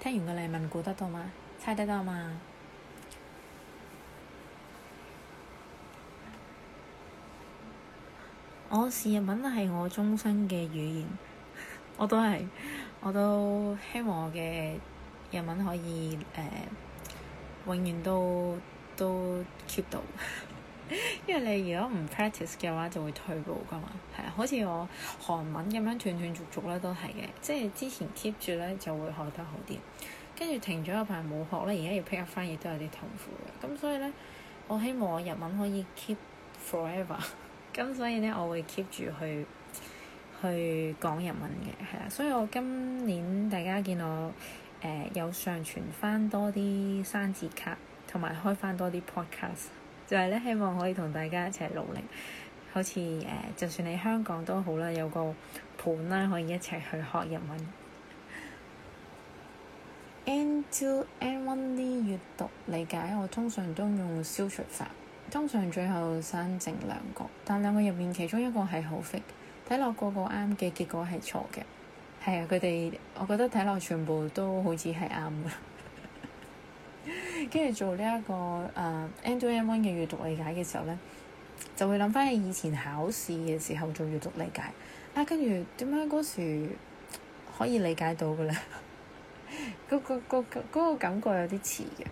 聽完個例文，估得到嗎？猜得到嗎？我、哦、日文係我終身嘅語言， 我都係，我都希望我嘅日文可以誒、呃，永遠都都 keep 到。因為你如果唔 practice 嘅話，就會退步㗎嘛，係啊，好似我韓文咁樣斷斷續續咧都係嘅，即係之前 keep 住咧就會學得好啲，跟住停咗一排冇學咧，而家要 pick up 返亦都有啲痛苦嘅，咁所以咧我希望我日文可以 keep forever，咁所以咧我會 keep 住去去講日文嘅，係啊，所以我今年大家見我誒有上傳返多啲生字卡，同埋開返多啲 podcast。就係咧，希望可以同大家一齊努力。好似誒、呃，就算你香港都好啦，有個伴啦，可以一齊去學日文。a N g e l a N one D 閱讀理解，我通常都用消除法。通常最後三剩兩個，但兩個入面其中一個係好 fit。睇落個個啱嘅，結果係錯嘅。係啊，佢哋我覺得睇落全部都好似係啱嘅。跟住做呢、這、一個誒、uh,，end to end one 嘅閱讀理解嘅時候咧，就會諗翻起以前考試嘅時候做閱讀理解啊，跟住點解嗰時可以理解到嘅咧？嗰個個個感覺有啲似嘅，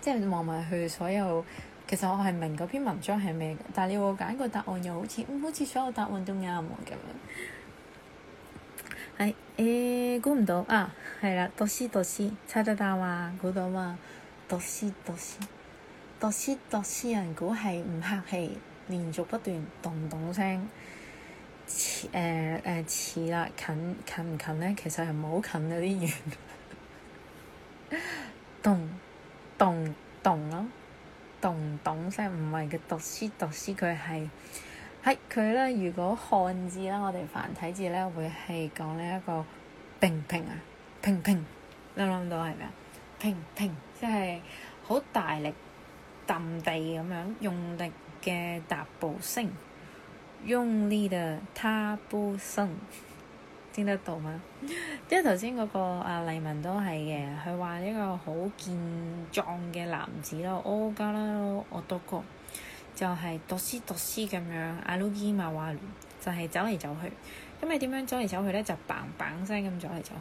即係望埋去所有，其實我係明嗰篇文章係咩，嘅，但係你會揀個答案又好似、嗯，好似所有答案都啱咁樣。係誒、哎，估、呃、唔到啊，係啦，讀詩讀詩，猜得到啊，估到啦。讀詩讀詩讀詩讀詩，人估係唔客氣，連續不斷，咚咚聲。誒誒似啦、呃，近近唔近咧？其實係唔係好近有啲遠？咚咚咚咯，咚 咚聲唔係佢讀詩讀詩，佢係喺佢咧。如果漢字咧，我哋繁體字咧，會係講呢一個平平啊，平平，你諗唔諗到係咩啊？平平。即係好大力揼地咁樣，用力嘅踏步聲，用力的踏步聲聽得到嘛。即係頭先嗰個阿黎文都係嘅，佢話一個好健壯嘅男子咯，オオガラの男就係ドシドシ咁樣アルキマワル就係、是、走嚟走去，因為點樣走嚟走去咧，就 bang bang 聲咁走嚟走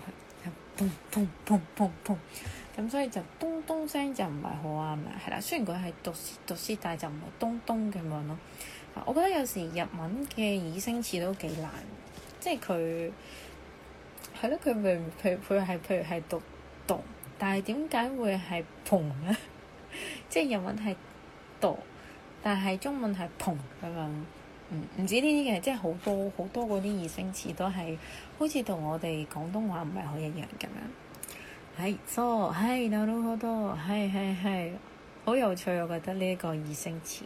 去，砰砰砰砰砰。咁、嗯、所以就咚咚聲就唔係好啱啦，係啦。雖然佢係讀讀書，但係就唔係咚咚咁樣咯。我覺得有時日文嘅擬聲詞都幾難，即係佢係咯，佢譬佢佢係譬如係讀讀，但係點解會係嘭呢？ 即係日文係讀，但係中文係嘭咁樣。嗯，唔止呢啲嘅，即係好多好多嗰啲擬聲詞都係好似同我哋廣東話唔係好一樣咁樣。係多係難度好多係係係好有趣，我覺得呢一，這個擬聲詞，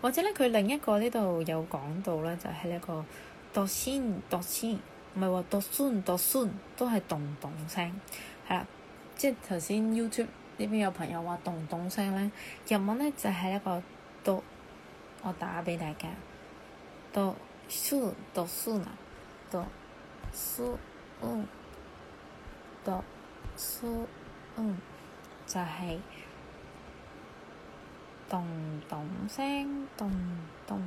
或者呢，佢另一個呢度有講到呢，就係，是，一個讀先讀先唔係話讀酸讀酸都係咚咚聲係啦。即係頭先 YouTube 呢邊有朋友話咚咚聲呢，日文呢，就係，是，一個讀我打畀大家讀酸讀酸啊讀酸。嗯，讀書嗯就係咚咚聲，咚咚。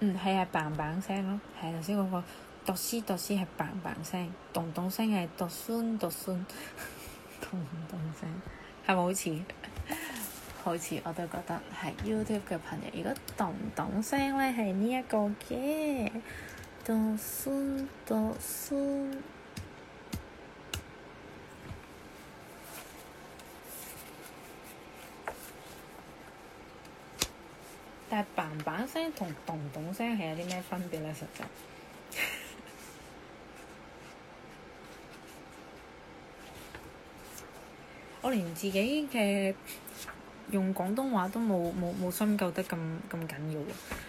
嗯，係、就、啊、是，棒棒聲咯，係頭先嗰個讀書讀書係棒棒聲，咚咚聲係讀孫讀孫咚咚聲，係咪 好似？好似我都覺得係 YouTube 嘅朋友，如果咚咚聲咧係呢一個嘅。哆嗦哆嗦，但係嘭嘭聲同咚咚聲係有啲咩分別呢？實在， 我連自己嘅用廣東話都冇冇冇深究得咁咁緊要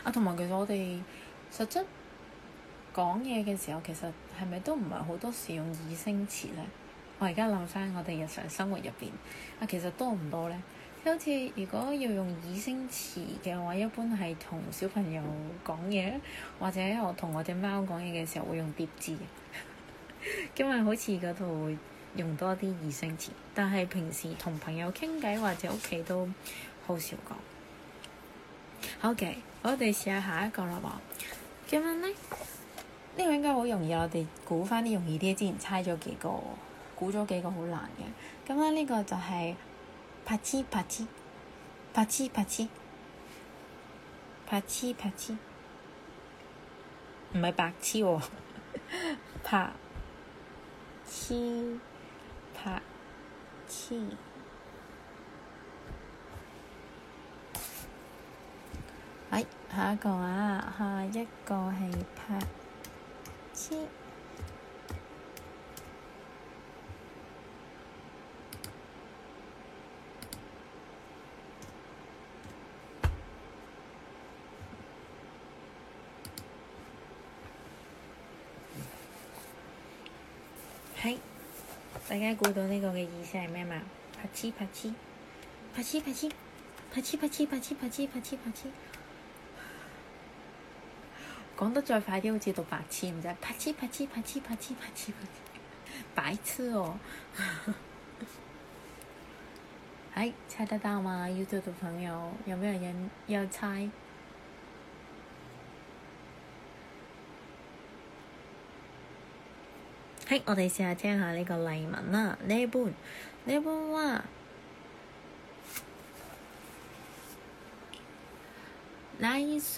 啊！同埋其實我哋實際。講嘢嘅時候，其實係咪都唔係好多時用擬聲詞呢？我而家諗翻我哋日常生活入邊啊，其實多唔多呢？好似如果要用擬聲詞嘅話，一般係同小朋友講嘢，或者我同我隻貓講嘢嘅時候會用疊字。 今日好似嗰度會用多啲擬聲詞。但係平時同朋友傾偈或者屋企都好少講。OK，我哋試下下一個啦喎，咁樣咧。呢個應該好容易，我哋估返啲容易啲。之前猜咗幾個，估咗幾個好難嘅。咁咧，呢個就係拍痴，拍痴，拍痴，拍痴，拍痴，拍痴。唔係白痴喎，啊，拍痴 啪，拍痴。係、哎、下一個啊，下一個係拍。係，大家估到呢個嘅意思係咩嘛？拍次拍次，拍次拍次，拍次拍次，拍次拍次，拍次拍次。講得再快啲，好似讀白痴咁啫，就是，白痴白痴白痴白痴白痴白痴，白痴哦！係、 哎、猜得到嗎？YouTube 的朋友，有冇人要猜？係我哋試下聽下呢個例文啦，呢一半，呢一半，nice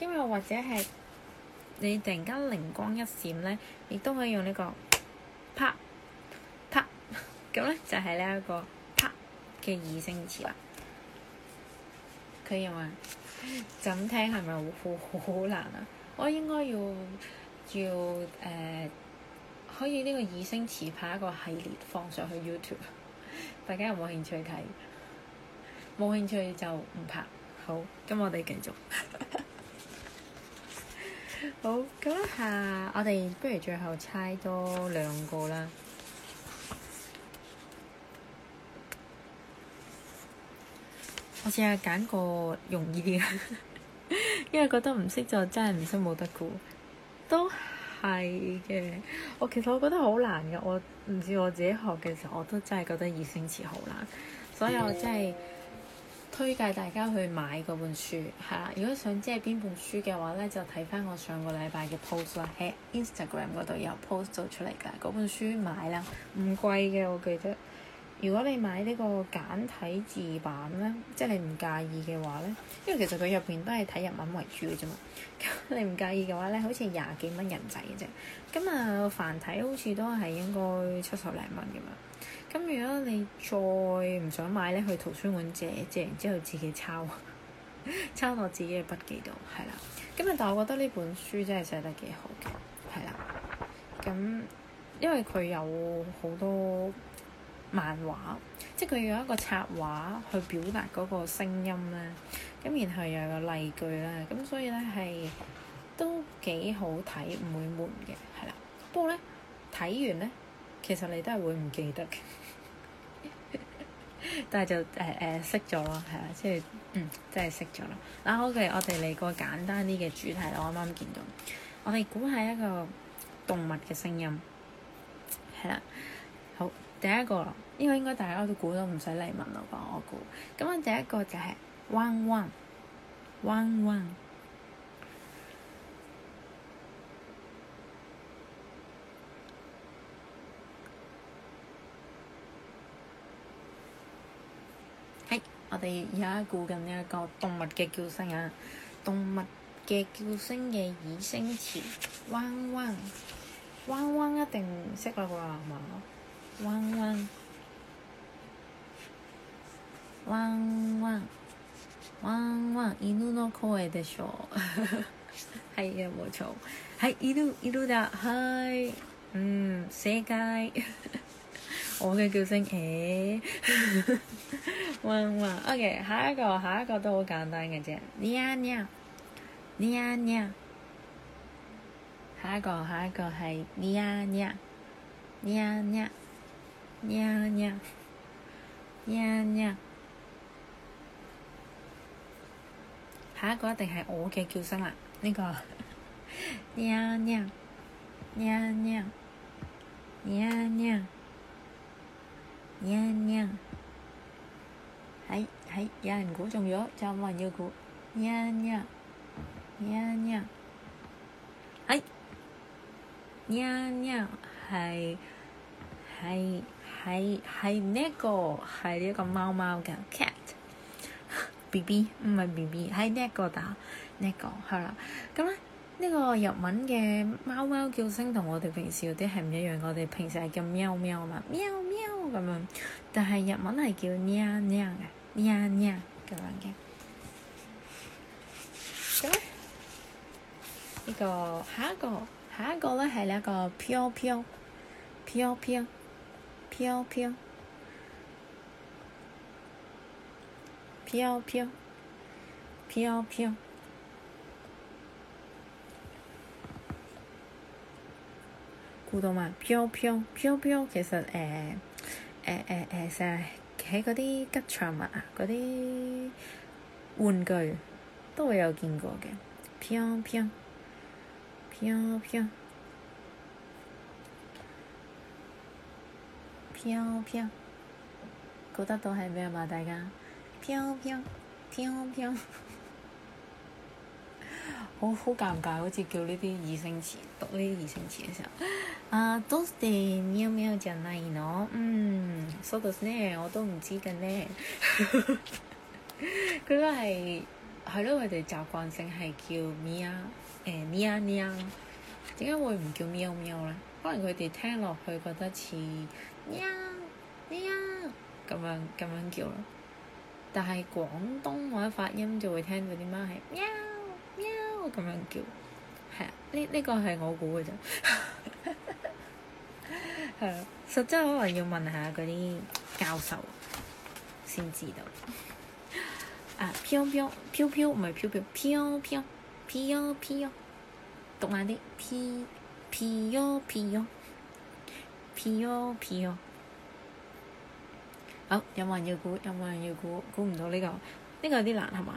因為或者係你突然間靈光一閃咧，亦都可以用呢個啪啪。咁咧， 就係呢一個啪嘅擬聲詞啦。佢認為怎聽係咪好難啊？我應該要要誒、呃、可以呢個擬聲詞拍一個系列放上去 YouTube， 大家有冇興趣睇？冇興趣就唔拍。好，咁我哋繼續。 好，咁下我哋不如最後猜多兩個啦。 我試下揀個容易啲嘅， 因為覺得唔識就真係唔識冇得估，都係嘅。我其實我覺得好難嘅，我唔知我自己學嘅時候我都真係覺得擬聲詞好難，所以我真係。嗯。推介大家去買嗰本書，係啦。如果想知係邊本書嘅話咧，就睇翻我上個禮拜嘅 post 啦，喺 Instagram 嗰度有 post 做出嚟㗎。嗰本書買啦，唔貴嘅，我記得。如果你買呢個簡體字版咧，即係你唔介意嘅話咧，因為其實佢入邊都係睇日文為主嘅啫嘛。你唔介意嘅話咧，好似廿幾蚊人仔嘅啫。咁啊，繁體好似都係應該七十零蚊咁樣。咁如果你再唔想買咧，去圖書館借，借完之後自己抄， 抄落自己嘅筆記度，係啦。咁啊，但係我覺得呢本書真係寫得幾好嘅，係啦。咁因為佢有好多漫畫，即係佢有一個插畫去表達嗰個聲音咧。咁然後又有例句啦，咁所以咧，係都幾好睇，唔會悶嘅，係啦。不過咧，睇完咧，其實你都係會唔記得嘅。但係就誒誒識咗咯，係、呃、啦、呃，即係嗯，即係識咗啦。嗱，OK，我哋嚟個簡單啲嘅主題。我啱啱見到，我哋估下一個動物嘅聲音，係啦。好，第一個呢、呢個應該大家都估到，唔使嚟問啦吧？我估。咁啊，第一個就係汪汪，汪汪。王王。我哋而家估緊一個動物嘅叫聲啊，動物嘅叫聲嘅擬聲詞。汪汪，汪汪一定識啦啩，係嘛？汪汪，汪汪，汪汪。犬の聲でしょう。係嘅，冇錯。係，犬犬啦。はい。正解。我嘅叫聲耶，汪汪。OK，下一個下一個都好簡單嘅啫，喵喵，喵喵。下一個下一個係喵喵，喵喵，喵喵，喵喵。下一個一定係我嘅叫聲啦，呢個喵喵，喵喵，喵喵。喵喵，係係有人估中咗，仲有冇人要估？喵喵，喵喵，係，喵喵，係，係，係，係，貓貓係呢個貓貓嘅 cat，BB 唔係 BB，係呢個打，呢個係啦，咁咧。呢個日文嘅貓貓叫聲同我哋平時嗰啲係唔一樣，我哋平時係叫喵喵喵嘛，喵喵咁樣，但係日文係叫喵喵啊，喵喵咁樣嘅。呢、這個下一個下一個咧係兩個飄飄，飄飄，飄飄，飄飄，飄飄，飄飄。飄飄飄飄互動嘛，飄飄飄飄，其實誒誒誒誒，成日喺嗰啲吉祥物啊，嗰啲玩具都會有見過嘅，飄飄飄飄飄飄，估得到係咩嘛？大家飄飄飄飄，好好尷尬，cassette. Cassette. Cassette. Cassette. 好似叫呢啲擬聲詞，讀呢啲擬聲詞嘅時候。啊，到底喵喵，唔係呢？嗯，咁啊，我都唔知嘅呢，係係咯，佢 哋習慣性係叫咩啊、欸？咩啊？喵啊？點解會唔叫喵喵咧？可能佢哋聽落去覺得似喵喵咁樣咁樣叫咯。但係廣東話發音就會聽到啲貓係喵喵咁樣叫，係啊，呢、這、呢個係我估嘅啫。 係啊、嗯，實質可能要問下嗰啲教授先知道。啊，piao piao piao piao，唔係 piao piao，讀慢啲 piao piao piao，好，有冇人要估？有冇人要估？估唔到呢個？呢個有啲難係嘛？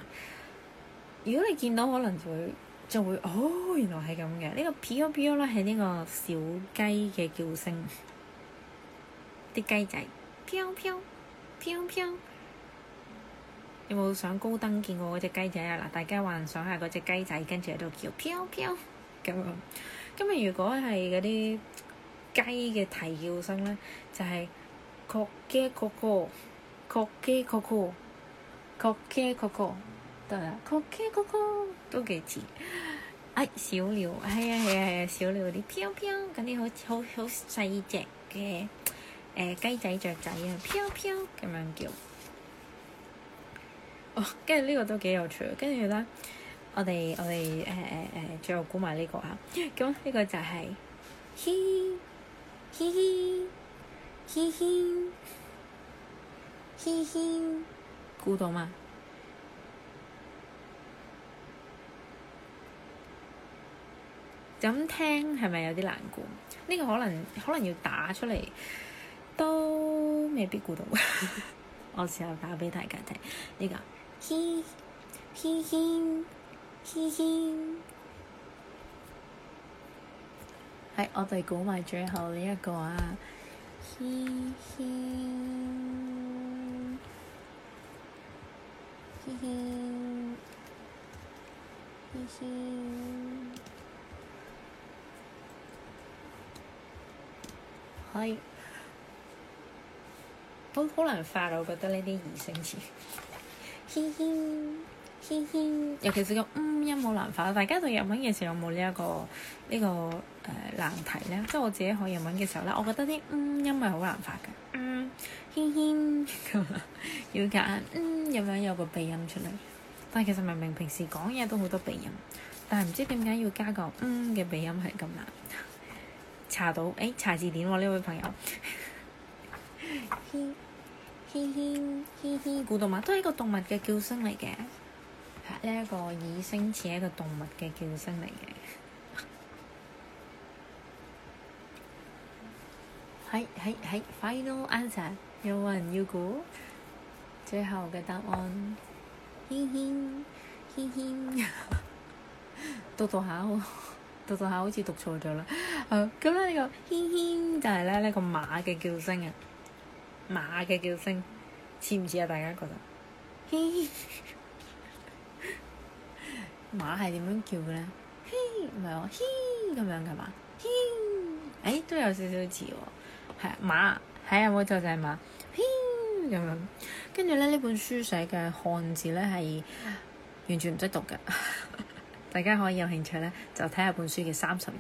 如果你見到，可能就會就會哦，原來係咁嘅。呢個 piao piao 係呢個小雞嘅叫聲。啲雞仔，飄飄飄飄，有冇上高登見過嗰隻雞仔啊？嗱，大家幻想下嗰隻雞仔跟住喺度叫飄飄咁。今日如果係嗰啲雞嘅啼叫聲咧，就係咕嘅咕咕，咕嘅咕咕，咕嘅咕咕，得啦，咕咕都幾似。係、哎、小鳥，係啊係啊係啊，小鳥啲飄飄咁啲好好好細隻嘅。誒、呃、雞仔雀仔啊，飄飄咁樣叫哦。跟住呢個都幾有趣。跟住咧，我哋我哋誒誒誒，最後估埋呢個吓。咁、啊、呢、這個就係嘻嘻嘻嘻嘻嘻，估到嘛？咁聽係咪有啲難估？呢、這個可能可能要打出嚟。未必估到， 我試下打畀大家聽 s í 嘿嘿。呢個，嘻嘻嘻，嘻嘻，係我哋估埋最後呢一個啊 s í S，嘻嘻，嘻嘻，嘻嘻，係。好好難發啊！我覺得呢啲擬聲詞，嘻嘻嘻嘻，尤其是個嗯音好難發。大家讀日文嘅時候有冇呢一個呢、呢個誒、呃、難題咧？即係我自己學日文嘅時候咧，我覺得啲嗯音係好難發嘅。嗯，嘻嘻咁要揀嗯咁樣有個鼻音出嚟，但係其實明明平時講嘢都好多鼻音，但係唔知點解要加個嗯嘅鼻音係咁難。查到，誒、欸、查字典喎、啊、呢位朋友。 嘻嘻嘻嘻，古動物都係一個動物嘅叫聲嚟嘅，呢一個擬聲似一個動物嘅叫聲嚟嘅。係係係 Final answer，有冇人要估最後嘅答案，嘻嘻嘻嘻，讀讀下好，讀讀下好似讀錯咗啦。啊，咁咧呢個嘻嘻就係咧呢個馬嘅叫聲啊。馬嘅叫聲似唔似啊？大家覺得像像 馬係點樣叫嘅咧？唔係喎，咁 樣係子嘛？哎、 欸，都有少少似喎、哦。係、啊、馬，係啊冇錯就係馬。咁樣跟住咧，呢本書寫嘅漢字咧係完全唔識讀㗎。 大家可以有興趣咧，就睇下本書嘅三十二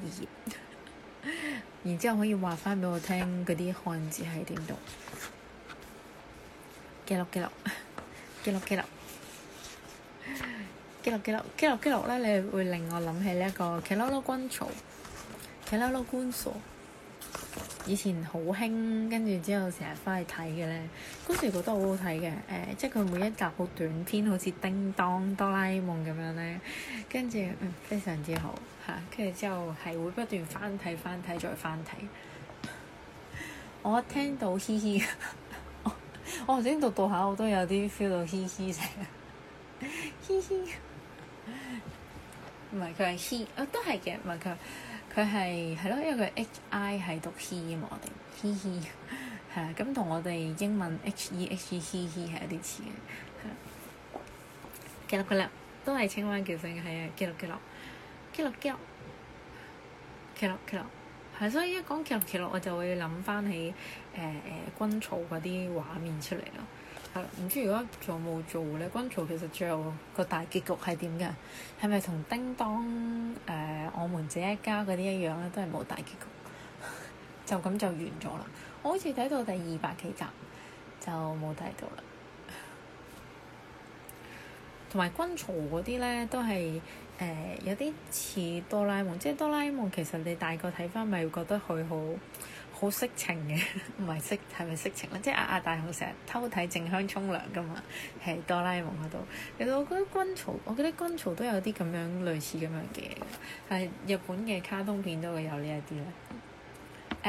頁， 然之後可以話翻俾我聽嗰啲漢字係點讀。記錄記錄，記錄記錄，記錄記錄，記錄記錄咧，你會令我諗起呢、這、一個《奇洛洛軍曹》，《奇洛洛軍曹》以前好興，跟住之後成日翻去睇嘅咧，嗰時覺得好好睇嘅，誒、呃，即係佢每一集好短篇，好似叮當、哆啦 A 夢咁樣咧，跟住、嗯、非常之好嚇，跟住之後係會不斷翻睇、翻睇再翻睇。我聽到嘻嘻。我頭先讀讀下，我都有啲 feel 到嘻嘻聲嘻嘻，唔係佢係嘻，啊都係嘅，唔係佢，佢係係咯，因為佢 h i 係讀嘻 e 啊嘛，我哋嘻嘻，係啊，咁同我哋英文 h e h e he he 係有啲似嘅，係。幾六幾六都係青蛙叫聲，係啊，幾六幾六，幾六幾六，幾六幾六。係，所以一講劇其實我就會諗翻起誒誒軍曹嗰啲畫面出嚟咯。係、嗯，唔知如果做冇做咧？軍曹其實最後個大結局係點㗎？係咪同叮當誒、呃、我們這一家嗰啲一樣咧？都係冇大結局， 就咁就完咗啦。我好似睇到第二百幾集就冇睇到啦。同埋軍曹嗰啲咧都係。誒、呃、有啲似哆啦 A 夢，即係哆啦 A 夢，其實你大個睇翻咪會覺得佢好好色情嘅，唔 係色，係咪色情咧？即係阿阿大雄成日偷睇靜香沖涼噶嘛，係哆啦 A 夢嗰度。其實我覺得軍曹，我覺得軍曹都有啲咁樣類似咁樣嘅，但係日本嘅卡通片都會有呢一啲咧。誒、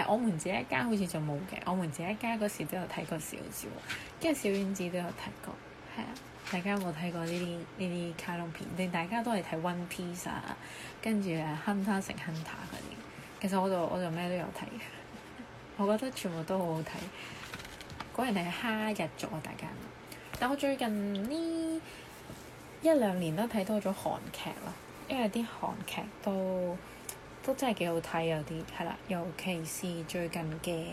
呃，我們自己一家好似就冇嘅，我們自己一家嗰時都有睇過小智，跟住小丸子都有睇過，係啊。大家有冇睇過呢啲呢啲卡通片？定大家都係睇《One Piece》啊，跟住誒《Hunter》成《Hunter》嗰啲。其實我就我就咩都有睇， 我覺得全部都好好睇。果然係蝦日族啊，大家。但我最近呢一,一兩年都睇多咗韓劇啦，因為啲韓劇都都真係幾好睇有啲，係啦，尤其是最近嘅誒、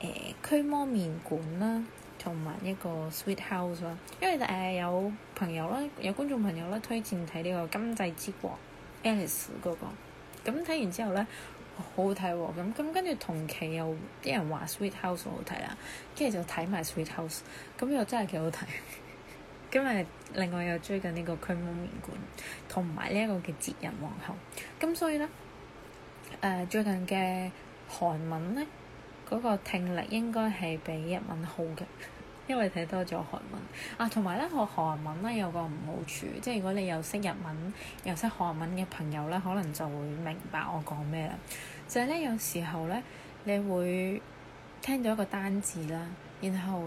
呃《驅魔麵館》啦。同埋一個 Sweet House 咯，因為誒、呃、有朋友啦，有觀眾朋友啦推薦睇呢個《今際之國》Alice 嗰個，咁睇完之後咧，好好睇喎，咁、嗯、咁、嗯、跟住同期又有啲人話 Sweet House 好睇啦、啊，跟住就睇埋 Sweet House，咁、嗯嗯、又真係幾好睇。咁誒，另外又追緊呢個《驅魔麵館》，同埋呢一個叫《哲仁王后》嗯。咁所以咧，誒、呃、最近嘅韓文咧。嗰個聽力應該係比日文好嘅，因為睇多咗韓文啊。同埋咧，學韓文咧有個唔好處，即係如果你又識日文、又識韓文嘅朋友咧，可能就會明白我講咩啦。就係咧，有時候咧，你會聽到一個單字啦，然後。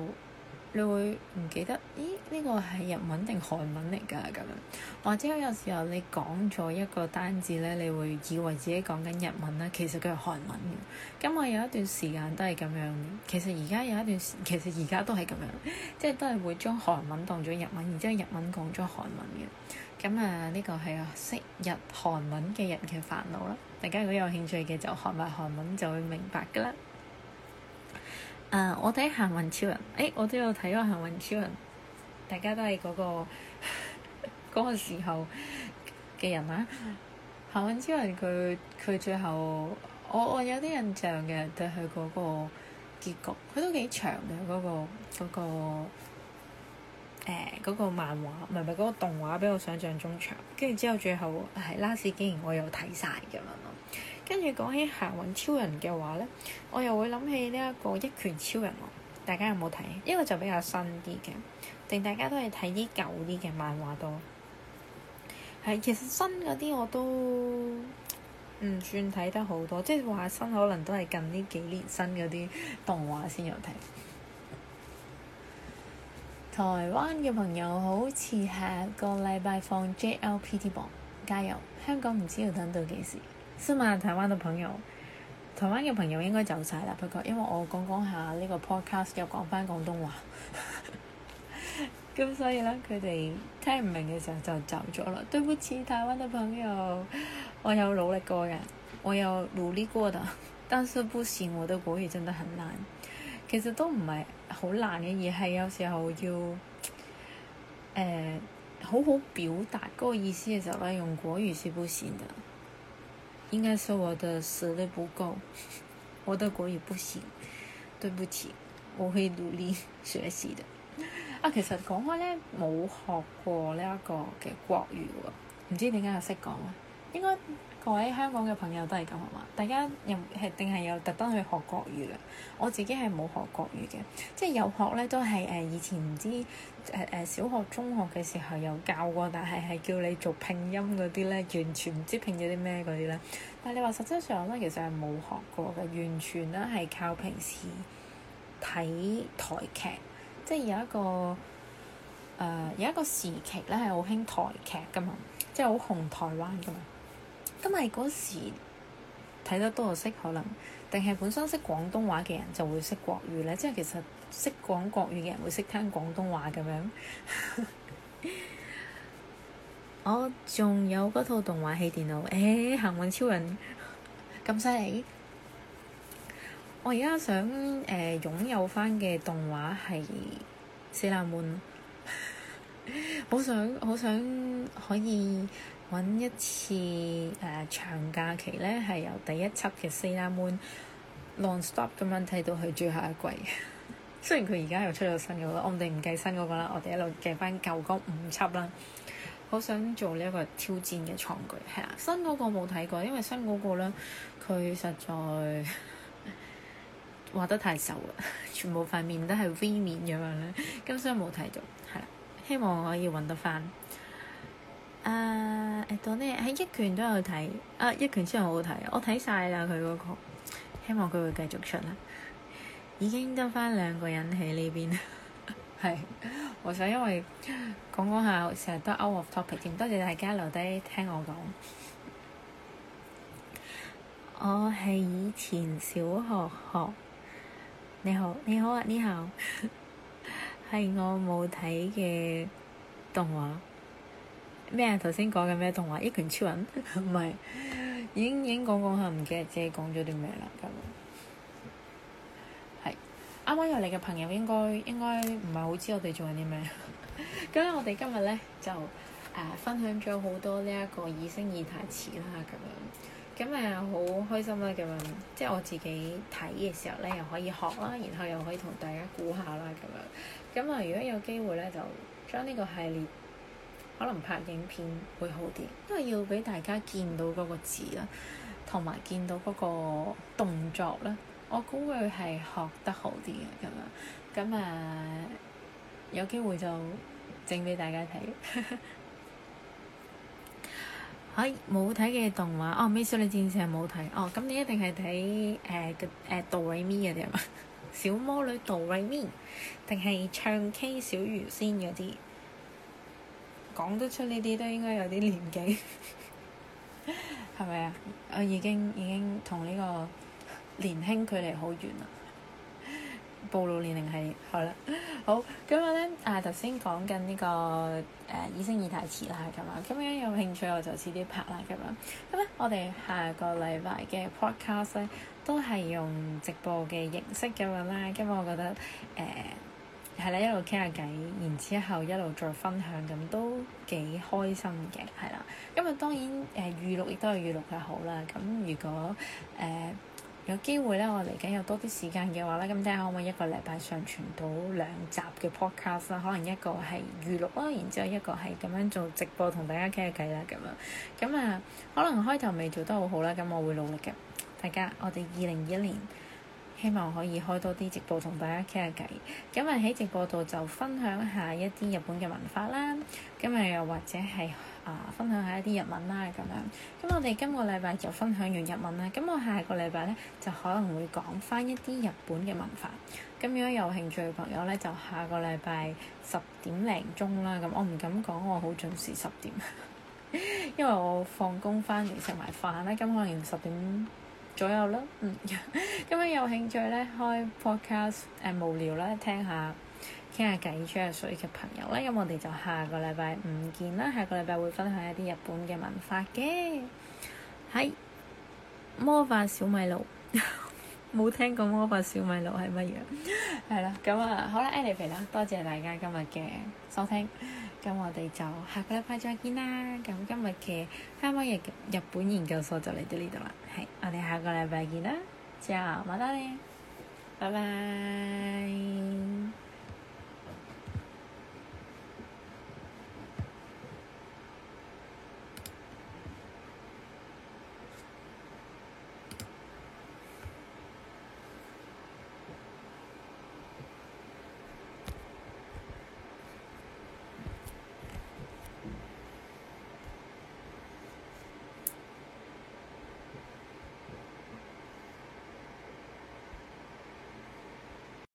你會唔記得？咦，呢個係日文定韓文嚟㗎？咁樣，或者有時候你講咗一個單字咧，你會以為自己講緊日文啦，其實佢係韓文嘅。咁我有一段時間都係咁樣，其實而家有一段時，其實而家都係咁樣，即係都係會將韓文當咗日文，而將日文講咗韓文嘅。咁、嗯、啊，呢、呢個係識日韓文嘅人嘅煩惱啦。大家如果有興趣嘅，就學埋韓文就會明白㗎啦。誒，uh，我睇《行運超人》欸，誒，我都有睇過《行運超人》，大家都係嗰、那個嗰 時候嘅人啦、啊。Mm hmm. 行運超人佢佢最後，我我有啲印象嘅，就係佢嗰個結局，佢都幾長嘅嗰、那個嗰、那個欸那個漫畫，唔係唔係嗰個動畫，比我想象中長。跟住之後最後喺 last，啊、竟然我有睇晒咁樣。跟住講起行運超人嘅話呢，我又會諗起呢、這、一個一拳超人大家有冇睇？呢個就比較新啲嘅，定大家都係睇啲舊啲嘅漫畫多。係，其實新嗰啲我都唔算睇得好多，即係話新可能都係近呢幾年新嗰啲動畫先有睇。台灣嘅朋友好，好似下個禮拜放 JLPT 榜，加油！香港唔知要等到幾時。之嘛，台灣嘅朋友，台灣嘅朋友應該走晒啦，不過因為我講講下呢個 podcast 又講翻廣東話，咁 所以呢，佢哋聽唔明嘅時候就走咗啦。 對不起，台灣嘅朋友，我有努力過嘅，我有努力過的， 但是不行我嘅國語真的很難。其實都唔係好難嘅，而係有時候要、呃、好好表達嗰個意思嘅時候呢，用國語是不行嘅。應該說我的實力不夠，我的國語不行，對不起，我會努力學習的。啊，其實講開咧，冇學過呢一個嘅國語喎，唔知點解又識講咧。應該各位香港嘅朋友都係咁啊嘛，大家又係定係又特登去學國語咧？我自己係冇學國語嘅，即係有學咧都係誒、呃、以前唔知。誒、呃、小學、中學嘅時候有教過，但係係叫你做拼音嗰啲咧，完全唔知拼咗啲咩嗰啲咧。但係你話實際上咧，其實係冇學過嘅，完全咧係靠平時睇台劇，即係有一個誒，呃、有一個時期咧係好興台劇噶嘛，即係好紅台灣噶嘛。咁係嗰時睇得多就識可能，定係本身識廣東話嘅人就會識國語咧。即係其實。識講國語嘅人會識聽廣東話咁樣。 我仲有嗰套動畫戲電腦，誒、欸、行運超人咁犀利。我而家想誒擁有翻嘅動畫係《四男門》，好想好想可以揾一次誒、呃、長假期咧，係由第一輯嘅《四男門》long stop 咁樣睇到去最後一季。 雖然佢而家又出咗新嗰個，我哋唔計新嗰個啦，我哋一路計翻舊嗰五輯啦。好想做呢一個挑戰嘅創舉，係啊！新嗰個冇睇過，因為新嗰個咧，佢實在畫得太瘦啦，全部塊面都係 V 面咁樣咧，咁 所以冇睇到。係啦，希望可以揾得翻。誒到呢喺一拳都有睇，啊、uh, 一拳真係好好睇，我睇晒啦佢嗰個，希望佢會繼續出啦。已經得翻兩個人喺呢邊，係 我想因為講講下，成日都 out of topic 添。多謝大家留低聽我講。 我係以前小學學。你好，你好啊，你好。係 我冇睇嘅動畫咩？頭先講嘅咩動畫？一拳超人唔係已經已經講講下，唔記得自己講咗啲咩啦咁。啱啱入嚟嘅朋友應該應該唔係好知我哋做緊啲咩，咁 咧我哋今日咧就誒、呃、分享咗好多呢一個擬聲擬態詞啦，咁樣咁誒好開心啦，咁樣即係我自己睇嘅時候咧又可以學啦，然後又可以同大家估下啦，咁樣咁啊、呃、如果有機會咧就將呢個系列可能拍影片會好啲，因為要俾大家見到嗰個字啦，同埋見到嗰個動作啦。我估佢係學得好啲嘅咁啊，咁啊有機會就整俾大家睇。係冇睇嘅動畫，哦，《美少女戰士》係冇睇，哦，咁你一定係睇誒嘅 DoReMi 嗰啲啊嘛，呃呃呃 Do《小魔女 DoReMi》，定係唱 K 小魚仙嗰啲，講得出呢啲都應該有啲年紀，係咪啊？我已經已經同呢、呢個。年輕距離好遠啊！暴露年齡係係啦，好咁樣咧。啊，頭先講緊呢個誒《擬聲、擬態詞》啦，咁啊，咁樣有興趣我就遲啲拍啦，咁樣咁咧。我哋下個禮拜嘅 podcast 咧都係用直播嘅形式咁樣啦。咁我覺得誒係咧，一路傾下偈，然之後一路再分享，咁都幾開心嘅係啦。咁啊，當然誒、呃、預錄亦都係預錄嘅好啦。咁如果誒～、呃有機會咧，我嚟緊有多啲時間嘅話咧，咁睇下可唔可以一個禮拜上傳到兩集嘅 podcast 啦，可能一個係預錄啦，然之後一個係咁樣做直播同大家傾下偈啦咁樣。咁啊，可能開頭未做得好好啦，咁我會努力嘅。大家，我哋二零二一年希望可以開多啲直播同大家傾下偈。咁啊，喺直播度就分享下一啲日本嘅文化啦。咁啊，又或者係～啊，分享一下一啲日文啦，咁樣。咁我哋今個禮拜就分享完日文啦。咁我下個禮拜咧就可能會講翻一啲日本嘅文化。咁如果有興趣嘅朋友咧，就下個禮拜十點零鐘啦。咁我唔敢講我好準時十點， 因為我放工翻嚟食埋飯啦。咁可能十點左右啦。嗯，咁 樣有興趣咧，開 podcast 誒、呃、無聊啦，聽下，傾下偈，吹下水嘅朋友啦，咁我哋就下個禮拜唔見啦。下個禮拜會分享一啲日本嘅文化嘅，係魔法小米露，冇聽過魔法小米露係乜嘢？係啦，咁啊，好啦，Adlip 啦，多謝大家今日嘅收聽。咁我哋就下個禮拜再見啦。咁今日嘅香港嘅日本研究所就嚟到呢度啦，係我哋下個禮拜見啦，之後晚安，拜拜。